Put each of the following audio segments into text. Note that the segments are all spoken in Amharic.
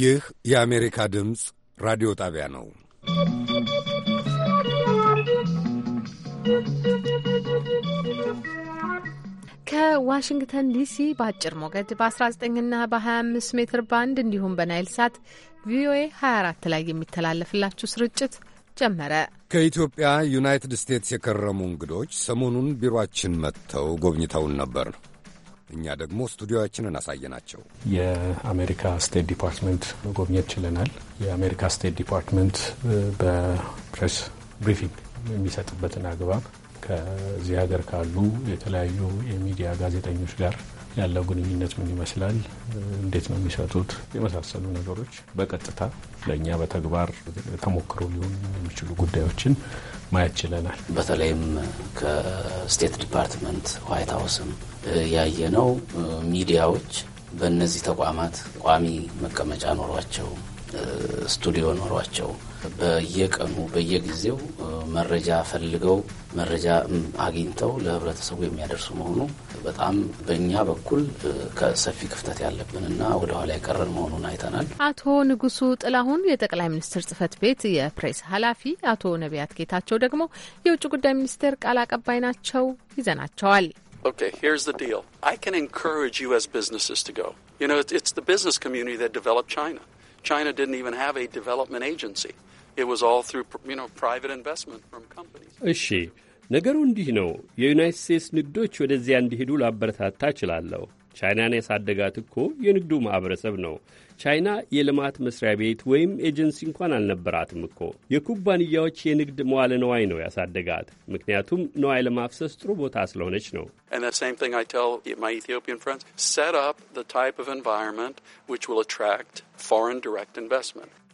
ይህ የአሜሪካ ድምፅ ራዲዮ ጣቢያ ነው። ከዋሽንግተን ዲሲ በአጭር ሞገድ በ19ና በ25 ሜትር ባንድ እንዲሁም በናይል ሳት ቪኦኤ 24 ላይ የሚተላለፍላችሁ ስርጭት ጀመረ። ከኢትዮጵያ ዩናይትድ ስቴትስ የከረሙ እንግዶች ሰሞኑን ቢሮአችን መጥተው ጎብኝተውን ነበር። እኛ ደግሞ ስቱዲዮዎችንን አሳየናቸው። የአሜሪካ ስቴት ዲፓርትመንት መጎብኘት ችለናል። የአሜሪካ ስቴት ዲፓርትመንት በፕሬስ ብሪፊንግ የሚሰጥበትን አግባብ ከዚህ ሀገር ካሉ የተለያዩ የሚዲያ ጋዜጠኞች ጋር ያለው ግንኙነት ምን ይመስላል፣ እንዴት ነው የሚሰጡት፣ የመሳሰሉ ነገሮች በቀጥታ ለእኛ በተግባር ተሞክሮ ሊሆን የሚችሉ ጉዳዮችን ማየት ችለናል። በተለይም ከስቴት ዲፓርትመንት ዋይት ሀውስም ነው ሚዲያዎች በእነዚህ ተቋማት ቋሚ መቀመጫ ኖሯቸው ስቱዲዮ ኖሯቸው በየቀኑ በየጊዜው መረጃ ፈልገው መረጃ አግኝተው ለህብረተሰቡ የሚያደርሱ መሆኑ በጣም በእኛ በኩል ከሰፊ ክፍተት ያለብንና ወደኋላ የቀረን መሆኑን አይተናል። አቶ ንጉሱ ጥላሁን የጠቅላይ ሚኒስትር ጽህፈት ቤት የፕሬስ ኃላፊ፣ አቶ ነቢያት ጌታቸው ደግሞ የውጭ ጉዳይ ሚኒስቴር ቃል አቀባይ ናቸው። ይዘናቸዋል። Okay, here's the deal. I can encourage U.S. businesses to go. You know, it's the business community that developed China. China didn't even have a development agency. እሺ፣ ነገሩ እንዲህ ነው። የዩናይት ስቴትስ ንግዶች ወደዚያ እንዲሄዱ ላበረታታ እችላለሁ። ቻይናን ያሳደጋት እኮ የንግዱ ማኅበረሰብ ነው። ቻይና የልማት መስሪያ ቤት ወይም ኤጀንሲ እንኳን አልነበራትም እኮ የኩባንያዎች የንግድ መዋለ ነዋይ ነው ያሳደጋት። ምክንያቱም ነዋይ ለማፍሰስ ጥሩ ቦታ ስለሆነች ነው።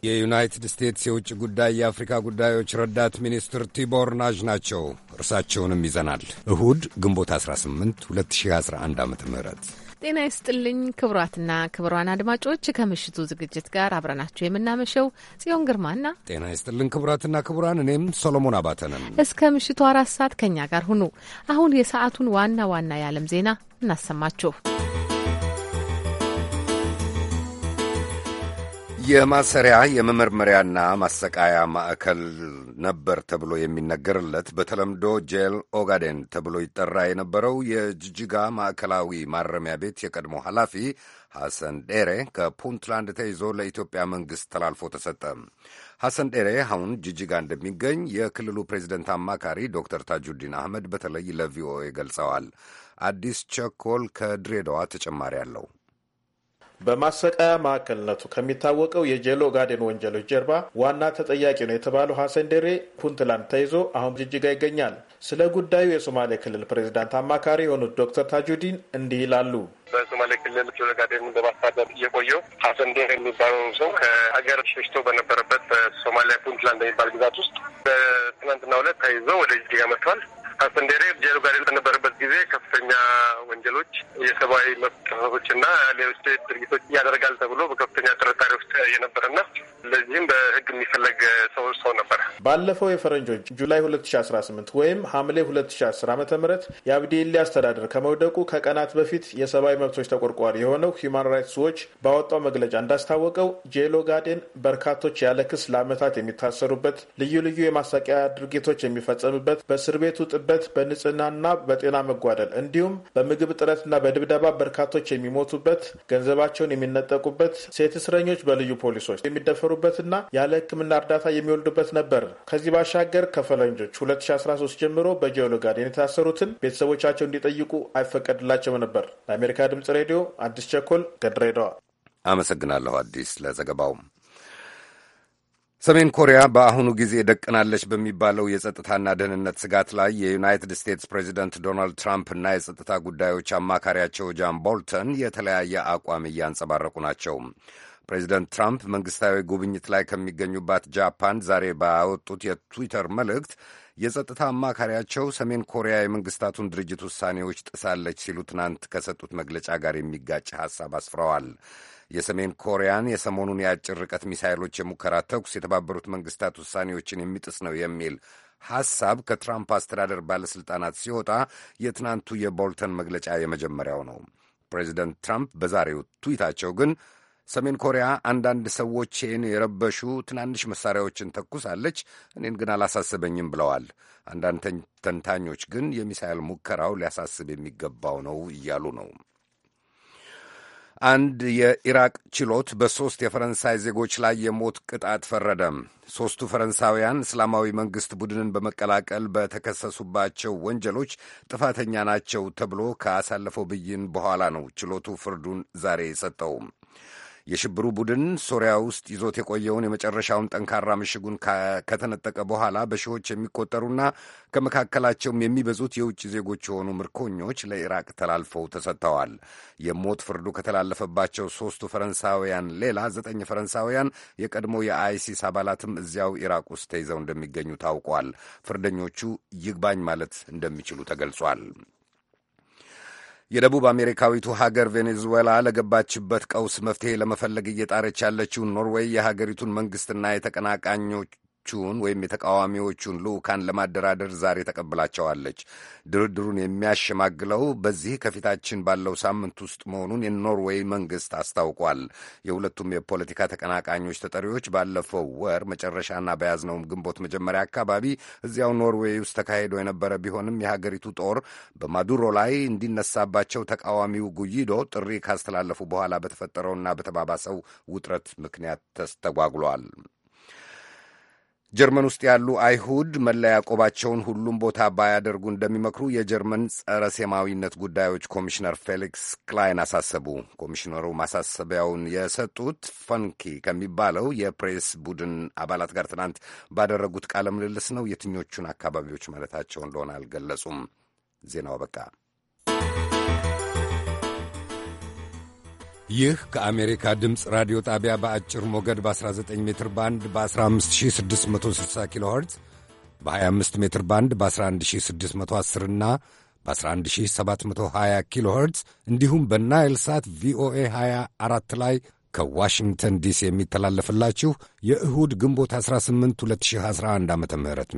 የዩናይትድ ስቴትስ የውጭ ጉዳይ የአፍሪካ ጉዳዮች ረዳት ሚኒስትር ቲቦር ናዥ ናቸው። እርሳቸውንም ይዘናል። እሁድ ግንቦት 18 2011 ዓ ም ጤና ይስጥልኝ ክቡራትና ክቡራን አድማጮች ከምሽቱ ዝግጅት ጋር አብረናችሁ የምናመሸው ጽዮን ግርማና ጤና ይስጥልኝ ክቡራትና ክቡራን እኔም ሶሎሞን አባተ እስከ ምሽቱ አራት ሰዓት ከኛ ጋር ሁኑ። አሁን የሰዓቱን ዋና ዋና የዓለም ዜና እናሰማችሁ። የማሰሪያ የመመርመሪያና ማሰቃያ ማዕከል ነበር ተብሎ የሚነገርለት በተለምዶ ጄል ኦጋዴን ተብሎ ይጠራ የነበረው የጅጅጋ ማዕከላዊ ማረሚያ ቤት የቀድሞ ኃላፊ ሐሰን ዴሬ ከፑንትላንድ ተይዞ ለኢትዮጵያ መንግሥት ተላልፎ ተሰጠ። ሐሰን ዴሬ አሁን ጅጅጋ እንደሚገኝ የክልሉ ፕሬዚደንት አማካሪ ዶክተር ታጁዲን አህመድ በተለይ ለቪኦኤ ገልጸዋል። አዲስ ቸኮል ከድሬዳዋ ተጨማሪ አለው። በማሰቃያ ማዕከልነቱ ከሚታወቀው የጀሎ ጋዴን ወንጀሎች ጀርባ ዋና ተጠያቂ ነው የተባለው ሀሰን ደሬ ፑንትላንድ ተይዞ አሁን ጅጅጋ ይገኛል። ስለ ጉዳዩ የሶማሌ ክልል ፕሬዚዳንት አማካሪ የሆኑት ዶክተር ታጁዲን እንዲህ ይላሉ። በሶማሌ ክልል ጄሎ ጋዴን በማሳደር እየቆየው ሀሰን ደሬ የሚባለው ሰው ከሀገር ሸሽቶ በነበረበት በሶማሊያ ፑንትላንድ የሚባል ግዛት ውስጥ በትናንትና ሁለት ተይዞ ወደ ጅጅጋ መጥቷል። አስተንደሬ ጋር በነበረበት ጊዜ ከፍተኛ ወንጀሎች፣ የሰብአዊ መብት ጥሰቶች እና ሌሎች ድርጊቶች ያደርጋል ተብሎ በከፍተኛ ጥርጣሬ ውስጥ የነበረና ለዚህም በህግ የሚፈለግ ሰው ሰው ነበር። ባለፈው የፈረንጆች ጁላይ 2018 ወይም ሐምሌ 2010 ዓ ም የአብዲ አስተዳደር ከመውደቁ ከቀናት በፊት የሰብአዊ መብቶች ተቆርቋሪ የሆነው ሂውማን ራይትስ ዎች ባወጣው መግለጫ እንዳስታወቀው ጄሎ ጋዴን በርካቶች ያለ ክስ ለአመታት የሚታሰሩበት ልዩ ልዩ የማሳቂያ ድርጊቶች የሚፈጸምበት በእስር ቤቱ በሚደርስበት በንጽህናና በጤና መጓደል እንዲሁም በምግብ እጥረትና በድብደባ በርካቶች የሚሞቱበት፣ ገንዘባቸውን የሚነጠቁበት፣ ሴት እስረኞች በልዩ ፖሊሶች የሚደፈሩበትና ያለ ሕክምና እርዳታ የሚወልዱበት ነበር። ከዚህ ባሻገር ከፈለንጆች 2013 ጀምሮ በጀሎ የታሰሩትን ቤተሰቦቻቸው እንዲጠይቁ አይፈቀድላቸውም ነበር። ለአሜሪካ ድምጽ ሬዲዮ አዲስ ቸኮል ከድሬዳዋ አመሰግናለሁ። አዲስ ለዘገባውም ሰሜን ኮሪያ በአሁኑ ጊዜ ደቅናለች በሚባለው የጸጥታና ደህንነት ስጋት ላይ የዩናይትድ ስቴትስ ፕሬዚደንት ዶናልድ እና የጸጥታ ጉዳዮች አማካሪያቸው ጃን ቦልተን የተለያየ አቋም እያንጸባረቁ ናቸው። ፕሬዚደንት ትራምፕ መንግሥታዊ ጉብኝት ላይ ከሚገኙባት ጃፓን ዛሬ ባወጡት የትዊተር መልእክት የጸጥታ አማካሪያቸው ሰሜን ኮሪያ የመንግስታቱን ድርጅት ውሳኔዎች ጥሳለች ሲሉ ትናንት ከሰጡት መግለጫ ጋር የሚጋጭ ሐሳብ አስፍረዋል። የሰሜን ኮሪያን የሰሞኑን የአጭር ርቀት ሚሳይሎች የሙከራ ተኩስ የተባበሩት መንግስታት ውሳኔዎችን የሚጥስ ነው የሚል ሐሳብ ከትራምፕ አስተዳደር ባለሥልጣናት ሲወጣ የትናንቱ የቦልተን መግለጫ የመጀመሪያው ነው። ፕሬዚደንት ትራምፕ በዛሬው ትዊታቸው ግን ሰሜን ኮሪያ አንዳንድ ሰዎችን የረበሹ ትናንሽ መሳሪያዎችን ተኩሳለች፣ እኔን ግን አላሳስበኝም ብለዋል። አንዳንድ ተንታኞች ግን የሚሳይል ሙከራው ሊያሳስብ የሚገባው ነው እያሉ ነው። አንድ የኢራቅ ችሎት በሦስት የፈረንሳይ ዜጎች ላይ የሞት ቅጣት ፈረደ። ሦስቱ ፈረንሳውያን እስላማዊ መንግሥት ቡድንን በመቀላቀል በተከሰሱባቸው ወንጀሎች ጥፋተኛ ናቸው ተብሎ ካሳለፈው ብይን በኋላ ነው ችሎቱ ፍርዱን ዛሬ የሰጠው። የሽብሩ ቡድን ሶሪያ ውስጥ ይዞት የቆየውን የመጨረሻውን ጠንካራ ምሽጉን ከተነጠቀ በኋላ በሺዎች የሚቆጠሩና ከመካከላቸውም የሚበዙት የውጭ ዜጎች የሆኑ ምርኮኞች ለኢራቅ ተላልፈው ተሰጥተዋል። የሞት ፍርዱ ከተላለፈባቸው ሦስቱ ፈረንሳውያን ሌላ ዘጠኝ ፈረንሳውያን የቀድሞ የአይሲስ አባላትም እዚያው ኢራቅ ውስጥ ተይዘው እንደሚገኙ ታውቋል። ፍርደኞቹ ይግባኝ ማለት እንደሚችሉ ተገልጿል። የደቡብ አሜሪካዊቱ ሀገር ቬኔዙዌላ ለገባችበት ቀውስ መፍትሄ ለመፈለግ እየጣረች ያለችውን ኖርዌይ የሀገሪቱን መንግስትና የተቀናቃኞች የተቃዋሚዎቹን ወይም የተቃዋሚዎቹን ልዑካን ለማደራደር ዛሬ ተቀብላቸዋለች። ድርድሩን የሚያሸማግለው በዚህ ከፊታችን ባለው ሳምንት ውስጥ መሆኑን የኖርዌይ መንግስት አስታውቋል። የሁለቱም የፖለቲካ ተቀናቃኞች ተጠሪዎች ባለፈው ወር መጨረሻና በያዝነውም ግንቦት መጀመሪያ አካባቢ እዚያው ኖርዌይ ውስጥ ተካሂዶ የነበረ ቢሆንም የሀገሪቱ ጦር በማዱሮ ላይ እንዲነሳባቸው ተቃዋሚው ጉይዶ ጥሪ ካስተላለፉ በኋላ በተፈጠረውና በተባባሰው ውጥረት ምክንያት ተስተጓጉሏል። ጀርመን ውስጥ ያሉ አይሁድ መለያ ቆባቸውን ሁሉም ቦታ ባያደርጉ እንደሚመክሩ የጀርመን ጸረ ሴማዊነት ጉዳዮች ኮሚሽነር ፌሊክስ ክላይን አሳሰቡ። ኮሚሽነሩ ማሳሰቢያውን የሰጡት ፈንኪ ከሚባለው የፕሬስ ቡድን አባላት ጋር ትናንት ባደረጉት ቃለ ምልልስ ነው። የትኞቹን አካባቢዎች ማለታቸው እንደሆነ አልገለጹም። ዜናው አበቃ። ይህ ከአሜሪካ ድምፅ ራዲዮ ጣቢያ በአጭር ሞገድ በ19 ሜትር ባንድ በ15660 ኪሎ ኸርትዝ በ25 ሜትር ባንድ በ11610 እና በ11720 ኪሎ ኸርትዝ እንዲሁም በናይል ሳት ቪኦኤ 24 ላይ ከዋሽንግተን ዲሲ የሚተላለፍላችሁ የእሁድ ግንቦት 18 2011 ዓ ም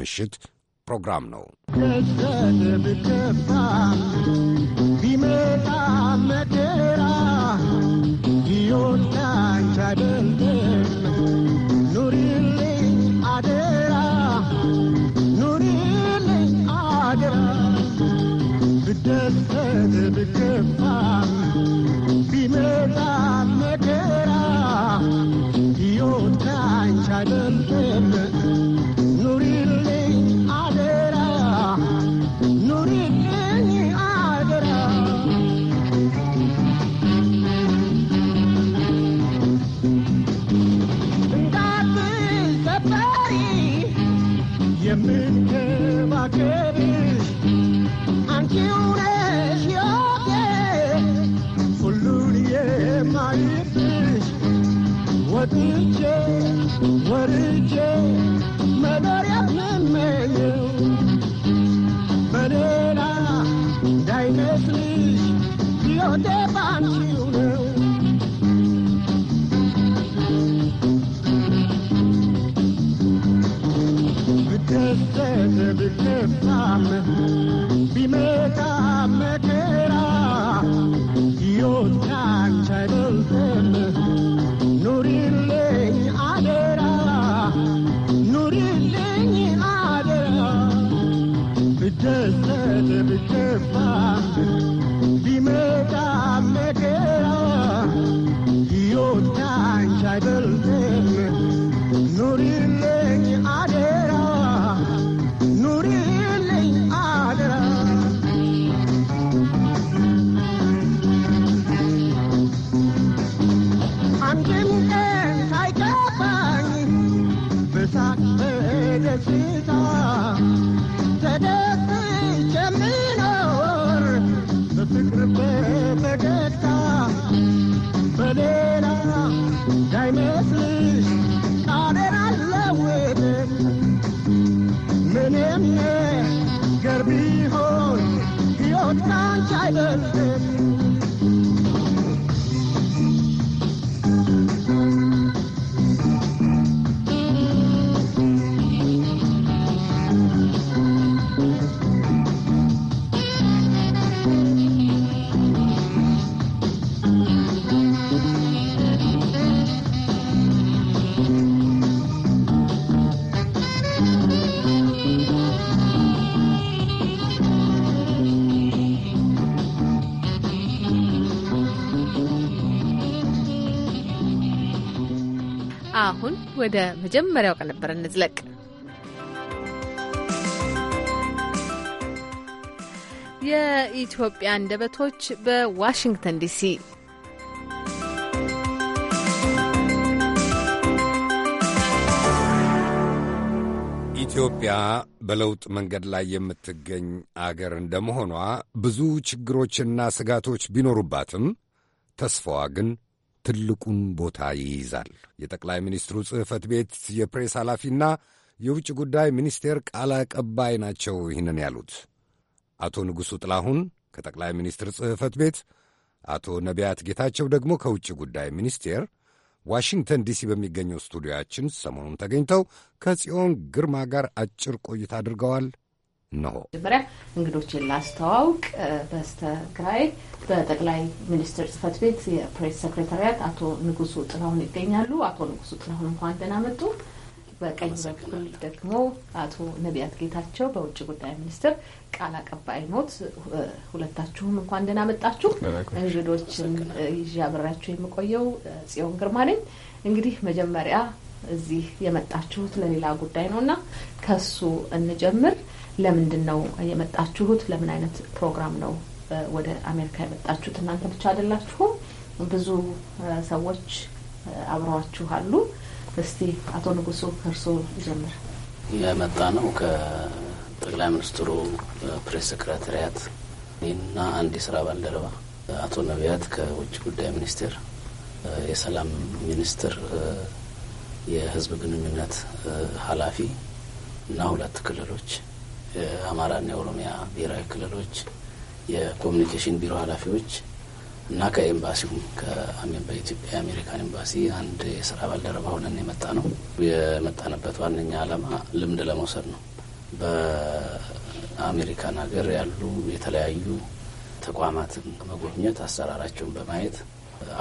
ምሽት ፕሮግራም ነው። ቢመጣ ደስታ ተደስቼ በፍቅር በፈገግታ በሌላ እንዳይመስልሽ ቃሌን አልለውጥም ምንም ነገር ቢሆን አሁን ወደ መጀመሪያው ቀነበር እንዝለቅ። የኢትዮጵያ አንደበቶች በዋሽንግተን ዲሲ ኢትዮጵያ በለውጥ መንገድ ላይ የምትገኝ አገር እንደመሆኗ ብዙ ችግሮችና ስጋቶች ቢኖሩባትም ተስፋዋ ግን ትልቁን ቦታ ይይዛል። የጠቅላይ ሚኒስትሩ ጽሕፈት ቤት የፕሬስ ኃላፊና የውጭ ጉዳይ ሚኒስቴር ቃል አቀባይ ናቸው ይህንን ያሉት አቶ ንጉሡ ጥላሁን ከጠቅላይ ሚኒስትር ጽሕፈት ቤት፣ አቶ ነቢያት ጌታቸው ደግሞ ከውጭ ጉዳይ ሚኒስቴር ዋሽንግተን ዲሲ በሚገኘው ስቱዲዮያችን ሰሞኑን ተገኝተው ከጽዮን ግርማ ጋር አጭር ቆይታ አድርገዋል። ነው። መጀመሪያ እንግዶችን ላስተዋውቅ። በስተግራይ በጠቅላይ ሚኒስትር ጽህፈት ቤት የፕሬስ ሰክሬታሪያት አቶ ንጉሱ ጥላሁን ይገኛሉ። አቶ ንጉሱ ጥላሁን እንኳን ደህና መጡ። በቀኝ በኩል ደግሞ አቶ ነቢያት ጌታቸው በውጭ ጉዳይ ሚኒስቴር ቃል አቀባይ ኖት። ሁለታችሁም እንኳን ደህና መጣችሁ። እንግዶችን ይዤ አብሬያችሁ የምቆየው ጽዮን ግርማ ነኝ። እንግዲህ መጀመሪያ እዚህ የመጣችሁት ለሌላ ጉዳይ ነው እና ከሱ እንጀምር። ለምንድን ነው የመጣችሁት? ለምን አይነት ፕሮግራም ነው ወደ አሜሪካ የመጣችሁት? እናንተ ብቻ አይደላችሁም፣ ብዙ ሰዎች አብረዋችሁ አሉ። እስቲ አቶ ንጉሱ እርሶ ጀምር። የመጣ ነው ከጠቅላይ ሚኒስትሩ ፕሬስ ሰክረታሪያት እና አንድ የስራ ባልደረባ አቶ ነቢያት ከውጭ ጉዳይ ሚኒስቴር፣ የሰላም ሚኒስትር፣ የህዝብ ግንኙነት ኃላፊ እና ሁለት ክልሎች የአማራና የኦሮሚያ ብሔራዊ ክልሎች የኮሚኒኬሽን ቢሮ ኃላፊዎች እና ከኤምባሲውም በኢትዮጵያ የአሜሪካን ኤምባሲ አንድ የስራ ባልደረባ ሆነን የመጣ ነው። የመጣንበት ዋነኛ ዓላማ ልምድ ለመውሰድ ነው። በአሜሪካን ሀገር ያሉ የተለያዩ ተቋማትን መጎብኘት፣ አሰራራቸውን በማየት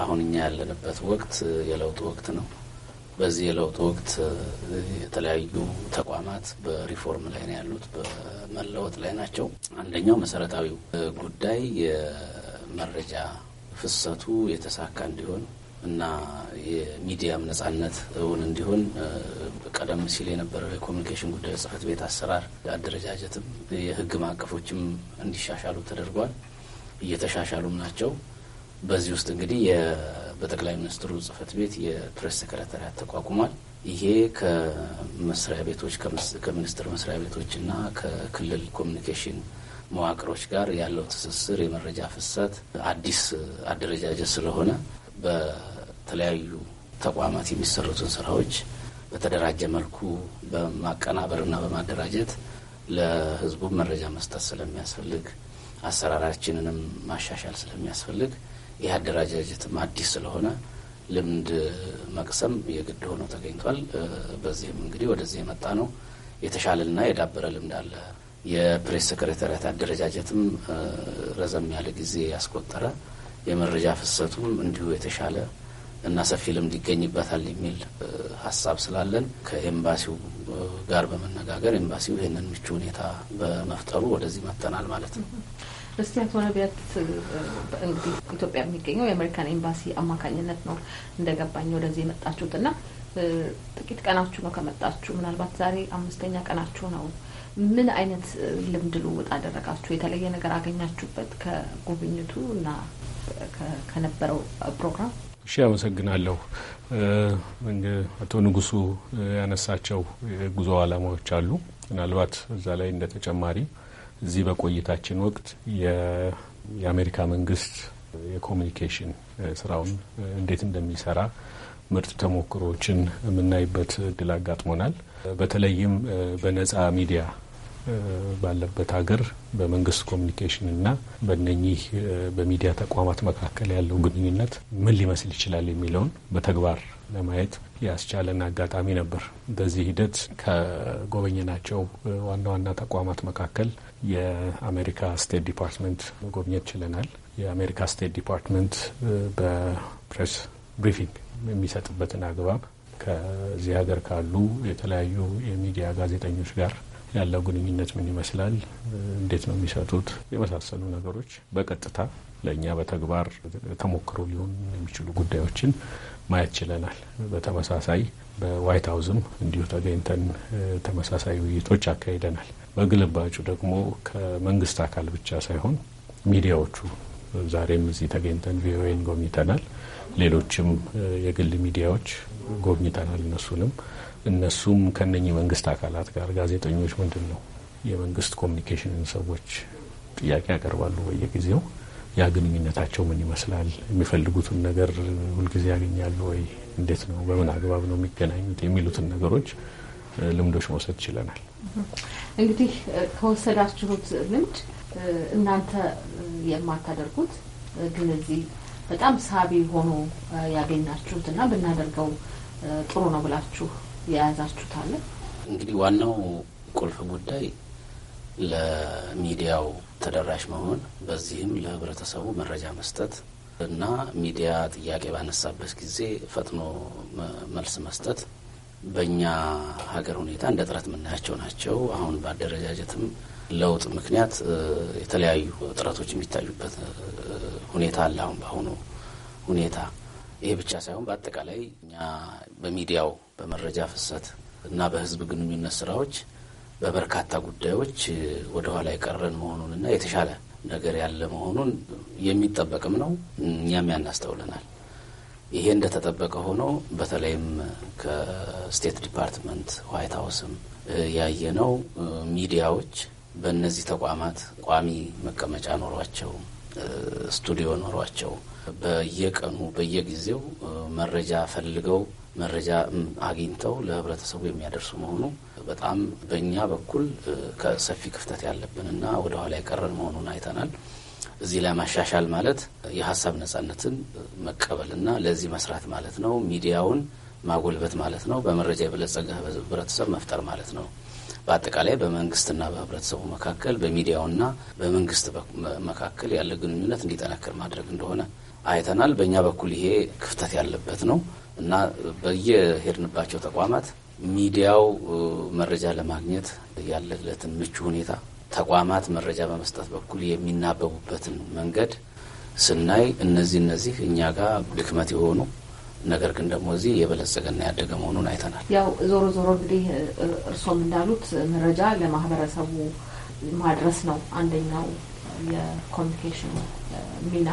አሁን እኛ ያለንበት ወቅት የለውጥ ወቅት ነው። በዚህ የለውጥ ወቅት የተለያዩ ተቋማት በሪፎርም ላይ ነው ያሉት፣ በመለወጥ ላይ ናቸው። አንደኛው መሰረታዊው ጉዳይ የመረጃ ፍሰቱ የተሳካ እንዲሆን እና የሚዲያም ነጻነት እውን እንዲሆን ቀደም ሲል የነበረው የኮሚኒኬሽን ጉዳይ ጽሕፈት ቤት አሰራር አደረጃጀትም የህግ ማዕቀፎችም እንዲሻሻሉ ተደርጓል። እየተሻሻሉም ናቸው። በዚህ ውስጥ እንግዲህ በጠቅላይ ሚኒስትሩ ጽህፈት ቤት የፕሬስ ሰክረታሪያት ተቋቁሟል። ይሄ ከመስሪያ ቤቶች ከሚኒስቴር መስሪያ ቤቶችና ከክልል ኮሚኒኬሽን መዋቅሮች ጋር ያለው ትስስር የመረጃ ፍሰት አዲስ አደረጃጀት ስለሆነ በተለያዩ ተቋማት የሚሰሩትን ስራዎች በተደራጀ መልኩ በማቀናበርና በማደራጀት ለህዝቡ መረጃ መስጠት ስለሚያስፈልግ አሰራራችንንም ማሻሻል ስለሚያስፈልግ ይህ አደራጃጀትም አዲስ ስለሆነ ልምድ መቅሰም የግድ ሆኖ ተገኝቷል። በዚህም እንግዲህ ወደዚህ የመጣ ነው። የተሻለና የዳበረ ልምድ አለ። የፕሬስ ሰክሬታሪያት አደረጃጀትም ረዘም ያለ ጊዜ ያስቆጠረ የመረጃ ፍሰቱም እንዲሁ የተሻለ እና ሰፊ ልምድ ይገኝበታል የሚል ሀሳብ ስላለን ከኤምባሲው ጋር በመነጋገር ኤምባሲው ይህንን ምቹ ሁኔታ በመፍጠሩ ወደዚህ መጥተናል ማለት ነው። እስቲ አቶ ነቢያት እንግዲህ ኢትዮጵያ የሚገኘው የአሜሪካን ኤምባሲ አማካኝነት ነው እንደገባኝ ወደዚህ የመጣችሁት እና ጥቂት ቀናችሁ ነው ከመጣችሁ፣ ምናልባት ዛሬ አምስተኛ ቀናችሁ ነው። ምን አይነት ልምድ ልውውጥ አደረጋችሁ? የተለየ ነገር አገኛችሁበት ከጉብኝቱ እና ከነበረው ፕሮግራም? እሺ፣ አመሰግናለሁ። አቶ ንጉሱ ያነሳቸው የጉዞ አላማዎች አሉ። ምናልባት እዛ ላይ እንደ ተጨማሪ እዚህ በቆይታችን ወቅት የአሜሪካ መንግስት የኮሚኒኬሽን ስራውን እንዴት እንደሚሰራ ምርጥ ተሞክሮዎችን የምናይበት እድል አጋጥሞናል። በተለይም በነጻ ሚዲያ ባለበት ሀገር በመንግስት ኮሚኒኬሽን እና በነኚህ በሚዲያ ተቋማት መካከል ያለው ግንኙነት ምን ሊመስል ይችላል የሚለውን በተግባር ለማየት ያስቻለን አጋጣሚ ነበር። በዚህ ሂደት ከጎበኘናቸው ዋና ዋና ተቋማት መካከል የአሜሪካ ስቴት ዲፓርትመንት መጎብኘት ችለናል። የአሜሪካ ስቴት ዲፓርትመንት በፕሬስ ብሪፊንግ የሚሰጥበትን አግባብ ከዚህ ሀገር ካሉ የተለያዩ የሚዲያ ጋዜጠኞች ጋር ያለው ግንኙነት ምን ይመስላል፣ እንዴት ነው የሚሰጡት፣ የመሳሰሉ ነገሮች በቀጥታ ለእኛ በተግባር ተሞክሮ ሊሆን የሚችሉ ጉዳዮችን ማየት ችለናል። በተመሳሳይ በዋይት ሀውስም እንዲሁ ተገኝተን ተመሳሳይ ውይይቶች አካሂደናል። በግልባጩ ደግሞ ከመንግስት አካል ብቻ ሳይሆን ሚዲያዎቹ ዛሬም እዚህ ተገኝተን ቪኦኤን ጎብኝተናል። ሌሎችም የግል ሚዲያዎች ጎብኝተናል። እነሱንም እነሱም ከነኚህ መንግስት አካላት ጋር ጋዜጠኞች ምንድን ነው የመንግስት ኮሚኒኬሽንን ሰዎች ጥያቄ ያቀርባሉ በየጊዜው ያ ግንኙነታቸው ምን ይመስላል? የሚፈልጉትን ነገር ሁልጊዜ ያገኛሉ ወይ? እንዴት ነው? በምን አግባብ ነው የሚገናኙት? የሚሉትን ነገሮች ልምዶች መውሰድ ችለናል። እንግዲህ ከወሰዳችሁት ልምድ እናንተ የማታደርጉት ግን እዚህ በጣም ሳቢ ሆኖ ያገኛችሁት እና ብናደርገው ጥሩ ነው ብላችሁ የያዛችሁት አለ? እንግዲህ ዋናው ቁልፍ ጉዳይ ለሚዲያው ተደራሽ መሆን፣ በዚህም ለህብረተሰቡ መረጃ መስጠት እና ሚዲያ ጥያቄ ባነሳበት ጊዜ ፈጥኖ መልስ መስጠት በእኛ ሀገር ሁኔታ እንደ ጥረት የምናያቸው ናቸው። አሁን በአደረጃጀትም ለውጥ ምክንያት የተለያዩ ጥረቶች የሚታዩበት ሁኔታ አለ። አሁን በአሁኑ ሁኔታ ይሄ ብቻ ሳይሆን በአጠቃላይ እኛ በሚዲያው በመረጃ ፍሰት እና በህዝብ ግንኙነት ስራዎች በበርካታ ጉዳዮች ወደኋላ የቀረን መሆኑንና የተሻለ ነገር ያለ መሆኑን የሚጠበቅም ነው። እኛም ያናስተውለናል። ይሄ እንደተጠበቀ ሆኖ በተለይም ከስቴት ዲፓርትመንት ዋይት ሀውስም ያየነው ሚዲያዎች በእነዚህ ተቋማት ቋሚ መቀመጫ ኖሯቸው ስቱዲዮ ኖሯቸው በየቀኑ በየጊዜው መረጃ ፈልገው መረጃ አግኝተው ለህብረተሰቡ የሚያደርሱ መሆኑ በጣም በእኛ በኩል ሰፊ ክፍተት ያለብንና ወደኋላ የቀረን መሆኑን አይተናል። እዚህ ላይ ማሻሻል ማለት የሀሳብ ነጻነትን መቀበልና ለዚህ መስራት ማለት ነው። ሚዲያውን ማጎልበት ማለት ነው። በመረጃ የበለጸገ ህብረተሰብ መፍጠር ማለት ነው። በአጠቃላይ በመንግስትና በህብረተሰቡ መካከል በሚዲያውና በመንግስት መካከል ያለ ግንኙነት እንዲጠናከር ማድረግ እንደሆነ አይተናል። በእኛ በኩል ይሄ ክፍተት ያለበት ነው እና በየሄድንባቸው ተቋማት ሚዲያው መረጃ ለማግኘት ያለለትን ምቹ ሁኔታ ተቋማት መረጃ በመስጠት በኩል የሚናበቡበትን መንገድ ስናይ እነዚህ እነዚህ እኛ ጋር ድክመት የሆኑ ነገር ግን ደግሞ እዚህ የበለጸገና ያደገ መሆኑን አይተናል። ያው ዞሮ ዞሮ እንግዲህ እርሶም እንዳሉት መረጃ ለማህበረሰቡ ማድረስ ነው አንደኛው የኮሚኒኬሽን ሚና።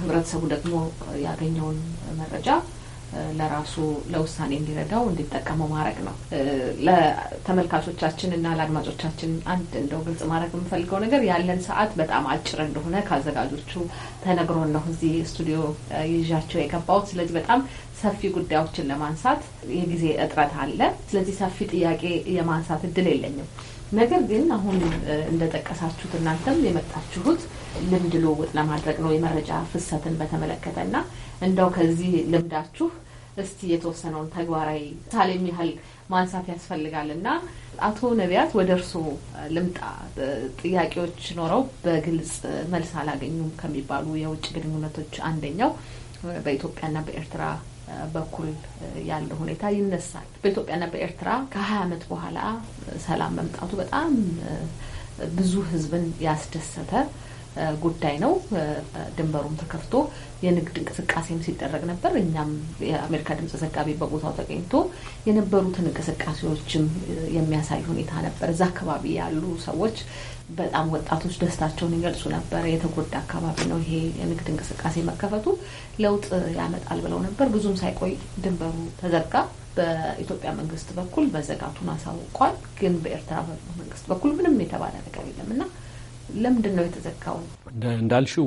ህብረተሰቡ ደግሞ ያገኘውን መረጃ ለራሱ ለውሳኔ እንዲረዳው እንዲጠቀመው ማድረግ ነው። ለተመልካቾቻችን እና ለአድማጮቻችን አንድ እንደው ግልጽ ማድረግ የምፈልገው ነገር ያለን ሰዓት በጣም አጭር እንደሆነ ከአዘጋጆቹ ተነግሮን ነው እዚህ ስቱዲዮ ይዣቸው የገባሁት። ስለዚህ በጣም ሰፊ ጉዳዮችን ለማንሳት የጊዜ እጥረት አለ። ስለዚህ ሰፊ ጥያቄ የማንሳት እድል የለኝም። ነገር ግን አሁን እንደጠቀሳችሁት እናንተም የመጣችሁት ልምድ ልውውጥ ለማድረግ ነው የመረጃ ፍሰትን በተመለከተ እና እንደው ከዚህ ልምዳችሁ እስቲ የተወሰነውን ተግባራዊ ሳሌም የሚያህል ማንሳት ያስፈልጋል እና አቶ ነቢያት ወደ እርስዎ ልምጣ። ጥያቄዎች ኖረው በግልጽ መልስ አላገኙም ከሚባሉ የውጭ ግንኙነቶች አንደኛው በኢትዮጵያና በኤርትራ በኩል ያለ ሁኔታ ይነሳል። በኢትዮጵያና በኤርትራ ከሀያ ዓመት በኋላ ሰላም መምጣቱ በጣም ብዙ ሕዝብን ያስደሰተ ጉዳይ ነው። ድንበሩም ተከፍቶ የንግድ እንቅስቃሴም ሲደረግ ነበር። እኛም የአሜሪካ ድምፅ ዘጋቢ በቦታው ተገኝቶ የነበሩትን እንቅስቃሴዎችም የሚያሳይ ሁኔታ ነበር። እዛ አካባቢ ያሉ ሰዎች በጣም ወጣቶች ደስታቸውን ይገልጹ ነበር። የተጎዳ አካባቢ ነው ይሄ የንግድ እንቅስቃሴ መከፈቱ ለውጥ ያመጣል ብለው ነበር። ብዙም ሳይቆይ ድንበሩ ተዘጋ። በኢትዮጵያ መንግስት በኩል መዘጋቱን አሳውቋል። ግን በኤርትራ መንግስት በኩል ምንም የተባለ ነገር የለም እና ለምንድን ነው የተዘጋው? እንዳልሽው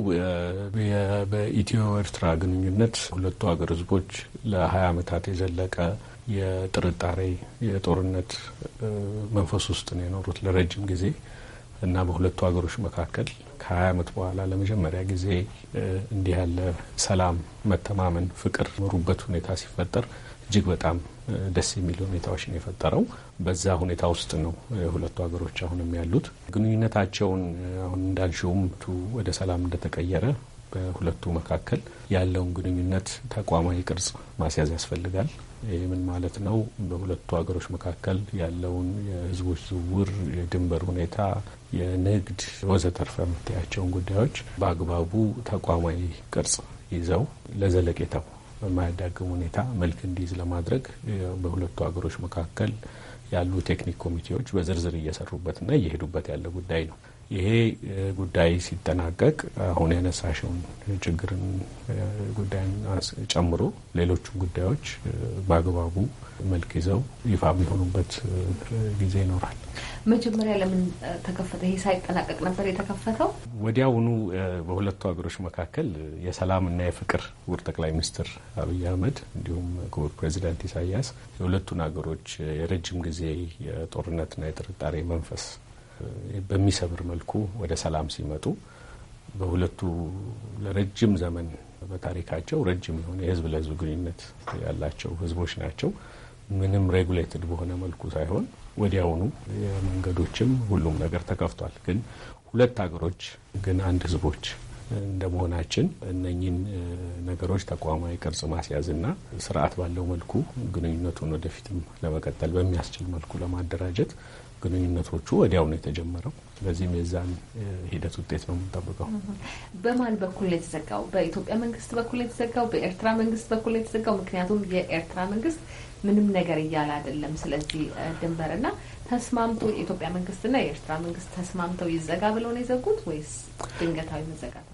በኢትዮ ኤርትራ ግንኙነት ሁለቱ ሀገር ህዝቦች ለሀያ ዓመታት የዘለቀ የጥርጣሬ የጦርነት መንፈስ ውስጥ ነው የኖሩት ለረጅም ጊዜ እና በሁለቱ ሀገሮች መካከል ከሀያ ዓመት በኋላ ለመጀመሪያ ጊዜ እንዲህ ያለ ሰላም፣ መተማመን፣ ፍቅር ኖሩበት ሁኔታ ሲፈጠር እጅግ በጣም ደስ የሚል ሁኔታዎች ነው የፈጠረው። በዛ ሁኔታ ውስጥ ነው ሁለቱ ሀገሮች አሁንም ያሉት። ግንኙነታቸውን አሁን እንዳልሽውም ወደ ሰላም እንደተቀየረ በሁለቱ መካከል ያለውን ግንኙነት ተቋማዊ ቅርጽ ማስያዝ ያስፈልጋል። ይህ ምን ማለት ነው? በሁለቱ ሀገሮች መካከል ያለውን የህዝቦች ዝውውር፣ የድንበር ሁኔታ፣ የንግድ ወዘተርፈ የምታያቸውን ጉዳዮች በአግባቡ ተቋማዊ ቅርጽ ይዘው ለዘለቄታው በማያዳግም ሁኔታ መልክ እንዲይዝ ለማድረግ በሁለቱ ሀገሮች መካከል ያሉ ቴክኒክ ኮሚቴዎች በዝርዝር እየሰሩበትና እየሄዱበት ያለ ጉዳይ ነው። ይሄ ጉዳይ ሲጠናቀቅ አሁን ያነሳሽውን ችግርን ጉዳይን ጨምሮ ሌሎቹ ጉዳዮች በአግባቡ መልክ ይዘው ይፋ የሚሆኑበት ጊዜ ይኖራል። መጀመሪያ ለምን ተከፈተ? ይህ ሳይጠናቀቅ ነበር የተከፈተው? ወዲያውኑ በሁለቱ ሀገሮች መካከል የሰላም እና የፍቅር ውር ጠቅላይ ሚኒስትር አብይ አህመድ እንዲሁም ክቡር ፕሬዚዳንት ኢሳያስ የሁለቱን ሀገሮች የረጅም ጊዜ የጦርነትና የጥርጣሬ መንፈስ በሚሰብር መልኩ ወደ ሰላም ሲመጡ በሁለቱ ለረጅም ዘመን በታሪካቸው ረጅም የሆነ የህዝብ ለህዝብ ግንኙነት ያላቸው ህዝቦች ናቸው። ምንም ሬጉሌትድ በሆነ መልኩ ሳይሆን ወዲያውኑ የመንገዶችም ሁሉም ነገር ተከፍቷል። ግን ሁለት ሀገሮች ግን አንድ ህዝቦች እንደመሆናችን እነኚህን ነገሮች ተቋማዊ ቅርጽ ማስያዝና ስርዓት ባለው መልኩ ግንኙነቱን ወደፊትም ለመቀጠል በሚያስችል መልኩ ለማደራጀት ግንኙነቶቹ ወዲያው ነው የተጀመረው። ስለዚህም የዛን ሂደት ውጤት ነው የምንጠብቀው። በማን በኩል የተዘጋው? በኢትዮጵያ መንግስት በኩል የተዘጋው? በኤርትራ መንግስት በኩል የተዘጋው? ምክንያቱም የኤርትራ መንግስት ምንም ነገር እያለ አይደለም። ስለዚህ ድንበርና ተስማምቶ የኢትዮጵያ መንግስትና የኤርትራ መንግስት ተስማምተው ይዘጋ ብለው ነው የዘጉት ወይስ ድንገታዊ መዘጋት?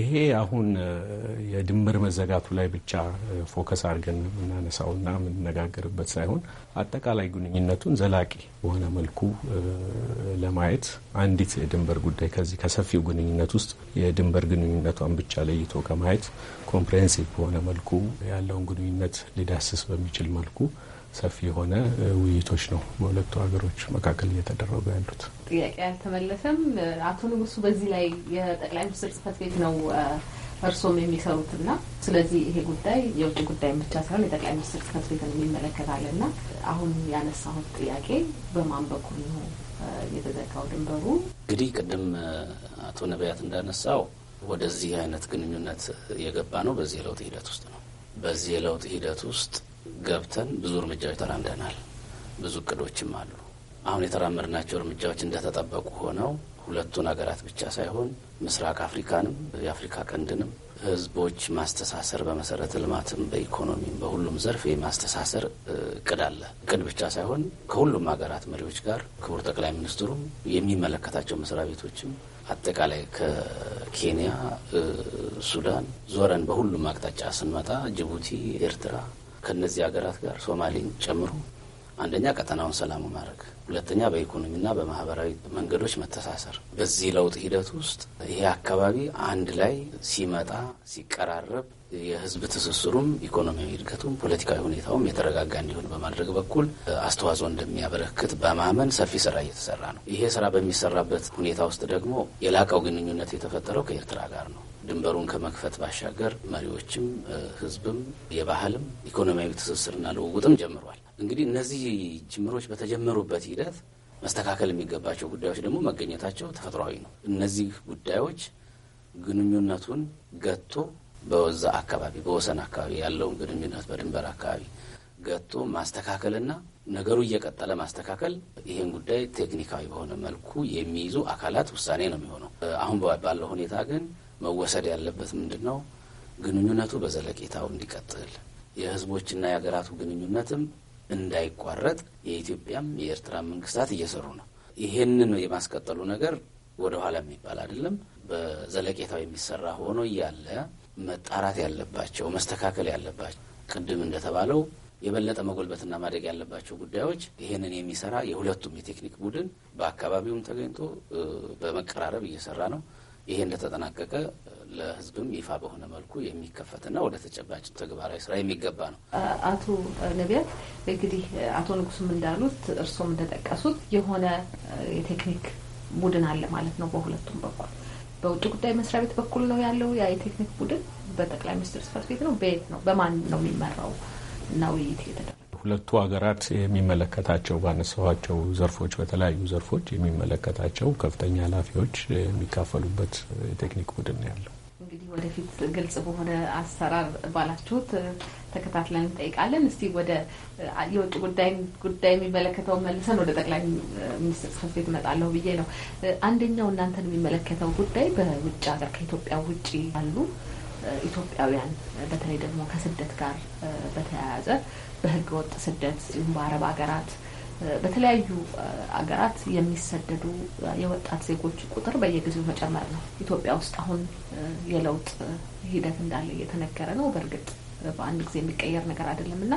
ይሄ አሁን የድንበር መዘጋቱ ላይ ብቻ ፎከስ አድርገን የምናነሳውና የምንነጋገርበት ሳይሆን አጠቃላይ ግንኙነቱን ዘላቂ በሆነ መልኩ ለማየት አንዲት የድንበር ጉዳይ ከዚህ ከሰፊው ግንኙነት ውስጥ የድንበር ግንኙነቷን ብቻ ለይቶ ከማየት ኮምፕሬሄንሲቭ በሆነ መልኩ ያለውን ግንኙነት ሊዳስስ በሚችል መልኩ ሰፊ የሆነ ውይይቶች ነው በሁለቱ ሀገሮች መካከል እየተደረጉ ያሉት። ጥያቄ አልተመለሰም። አቶ ንጉሱ፣ በዚህ ላይ የጠቅላይ ሚኒስትር ጽህፈት ቤት ነው እርስዎም ና ስለዚህ ይሄ ጉዳይ የውጭ ጉዳይ ብቻ ሳይሆን የጠቅላይ ሚኒስትር ጽህፈት ቤትን እና አሁን ያነሳሁት ጥያቄ በማን በኩል ነው የተዘጋው ድንበሩ? እንግዲህ ቅድም አቶ ነቢያት እንዳነሳው ወደዚህ አይነት ግንኙነት የገባ ነው በዚህ የለውጥ ሂደት ውስጥ ነው። በዚህ የለውጥ ሂደት ውስጥ ገብተን ብዙ እርምጃዎች ተራምደናል። ብዙ እቅዶችም አሉ። አሁን የተራመድናቸው እርምጃዎች እንደተጠበቁ ሆነው ሁለቱን ሀገራት ብቻ ሳይሆን ምስራቅ አፍሪካንም የአፍሪካ ቀንድንም ህዝቦች ማስተሳሰር በመሰረተ ልማትም በኢኮኖሚም በሁሉም ዘርፍ የማስተሳሰር እቅድ አለ። እቅድ ብቻ ሳይሆን ከሁሉም ሀገራት መሪዎች ጋር ክቡር ጠቅላይ ሚኒስትሩ የሚመለከታቸው መስሪያ ቤቶችም አጠቃላይ ከኬንያ፣ ሱዳን ዞረን በሁሉም አቅጣጫ ስንመጣ ጅቡቲ፣ ኤርትራ ከነዚህ ሀገራት ጋር ሶማሌን ጨምሮ አንደኛ ቀጠናውን ሰላሙ ማድረግ፣ ሁለተኛ በኢኮኖሚና በማህበራዊ መንገዶች መተሳሰር። በዚህ ለውጥ ሂደት ውስጥ ይሄ አካባቢ አንድ ላይ ሲመጣ ሲቀራረብ የህዝብ ትስስሩም ኢኮኖሚያዊ እድገቱም ፖለቲካዊ ሁኔታውም የተረጋጋ እንዲሆን በማድረግ በኩል አስተዋጽኦ እንደሚያበረክት በማመን ሰፊ ስራ እየተሰራ ነው። ይሄ ስራ በሚሰራበት ሁኔታ ውስጥ ደግሞ የላቀው ግንኙነት የተፈጠረው ከኤርትራ ጋር ነው። ድንበሩን ከመክፈት ባሻገር መሪዎችም ህዝብም የባህልም ኢኮኖሚያዊ ትስስርና ልውውጥም ጀምሯል። እንግዲህ እነዚህ ጅምሮች በተጀመሩበት ሂደት መስተካከል የሚገባቸው ጉዳዮች ደግሞ መገኘታቸው ተፈጥሯዊ ነው። እነዚህ ጉዳዮች ግንኙነቱን ገቶ በወዛ አካባቢ በወሰን አካባቢ ያለውን ግንኙነት በድንበር አካባቢ ገቶ ማስተካከልና ነገሩ እየቀጠለ ማስተካከል ይህን ጉዳይ ቴክኒካዊ በሆነ መልኩ የሚይዙ አካላት ውሳኔ ነው የሚሆነው። አሁን ባለው ሁኔታ ግን መወሰድ ያለበት ምንድን ነው? ግንኙነቱ በዘለቄታው እንዲቀጥል የህዝቦችና የሀገራቱ ግንኙነትም እንዳይቋረጥ የኢትዮጵያም የኤርትራ መንግስታት እየሰሩ ነው። ይሄንን የማስቀጠሉ ነገር ወደኋላ የሚባል አይደለም። በዘለቄታው የሚሰራ ሆኖ እያለ መጣራት ያለባቸው መስተካከል ያለባቸው ቅድም እንደተባለው የበለጠ መጎልበትና ማደግ ያለባቸው ጉዳዮች ይህንን የሚሰራ የሁለቱም የቴክኒክ ቡድን በአካባቢውም ተገኝቶ በመቀራረብ እየሰራ ነው። ይሄ እንደተጠናቀቀ ለህዝብም ይፋ በሆነ መልኩ የሚከፈትና ወደ ተጨባጭ ተግባራዊ ስራ የሚገባ ነው። አቶ ነቢያት እንግዲህ አቶ ንጉስም እንዳሉት እርስዎም እንደጠቀሱት የሆነ የቴክኒክ ቡድን አለ ማለት ነው። በሁለቱም በኩል በውጭ ጉዳይ መስሪያ ቤት በኩል ነው ያለው ያ የቴክኒክ ቡድን፣ በጠቅላይ ሚኒስትር ጽህፈት ቤት ነው። በየት ነው በማን ነው የሚመራው እና ውይይት እየተደረገ ሁለቱ ሀገራት የሚመለከታቸው ባነሳኋቸው ዘርፎች በተለያዩ ዘርፎች የሚመለከታቸው ከፍተኛ ኃላፊዎች የሚካፈሉበት የቴክኒክ ቡድን ያለው። እንግዲህ ወደፊት ግልጽ በሆነ አሰራር ባላችሁት ተከታትለን እንጠይቃለን። እስቲ ወደ የውጭ ጉዳይ ጉዳይ የሚመለከተው መልሰን ወደ ጠቅላይ ሚኒስትር ጽሕፈት ቤት እመጣለሁ ብዬ ነው። አንደኛው እናንተን የሚመለከተው ጉዳይ በውጭ ሀገር ከኢትዮጵያ ውጭ ያሉ ኢትዮጵያውያን በተለይ ደግሞ ከስደት ጋር በተያያዘ በህገ ወጥ ስደት እንዲሁም በአረብ ሀገራት በተለያዩ ሀገራት የሚሰደዱ የወጣት ዜጎች ቁጥር በየጊዜው መጨመር ነው። ኢትዮጵያ ውስጥ አሁን የለውጥ ሂደት እንዳለ እየተነገረ ነው። በእርግጥ በአንድ ጊዜ የሚቀየር ነገር አይደለም እና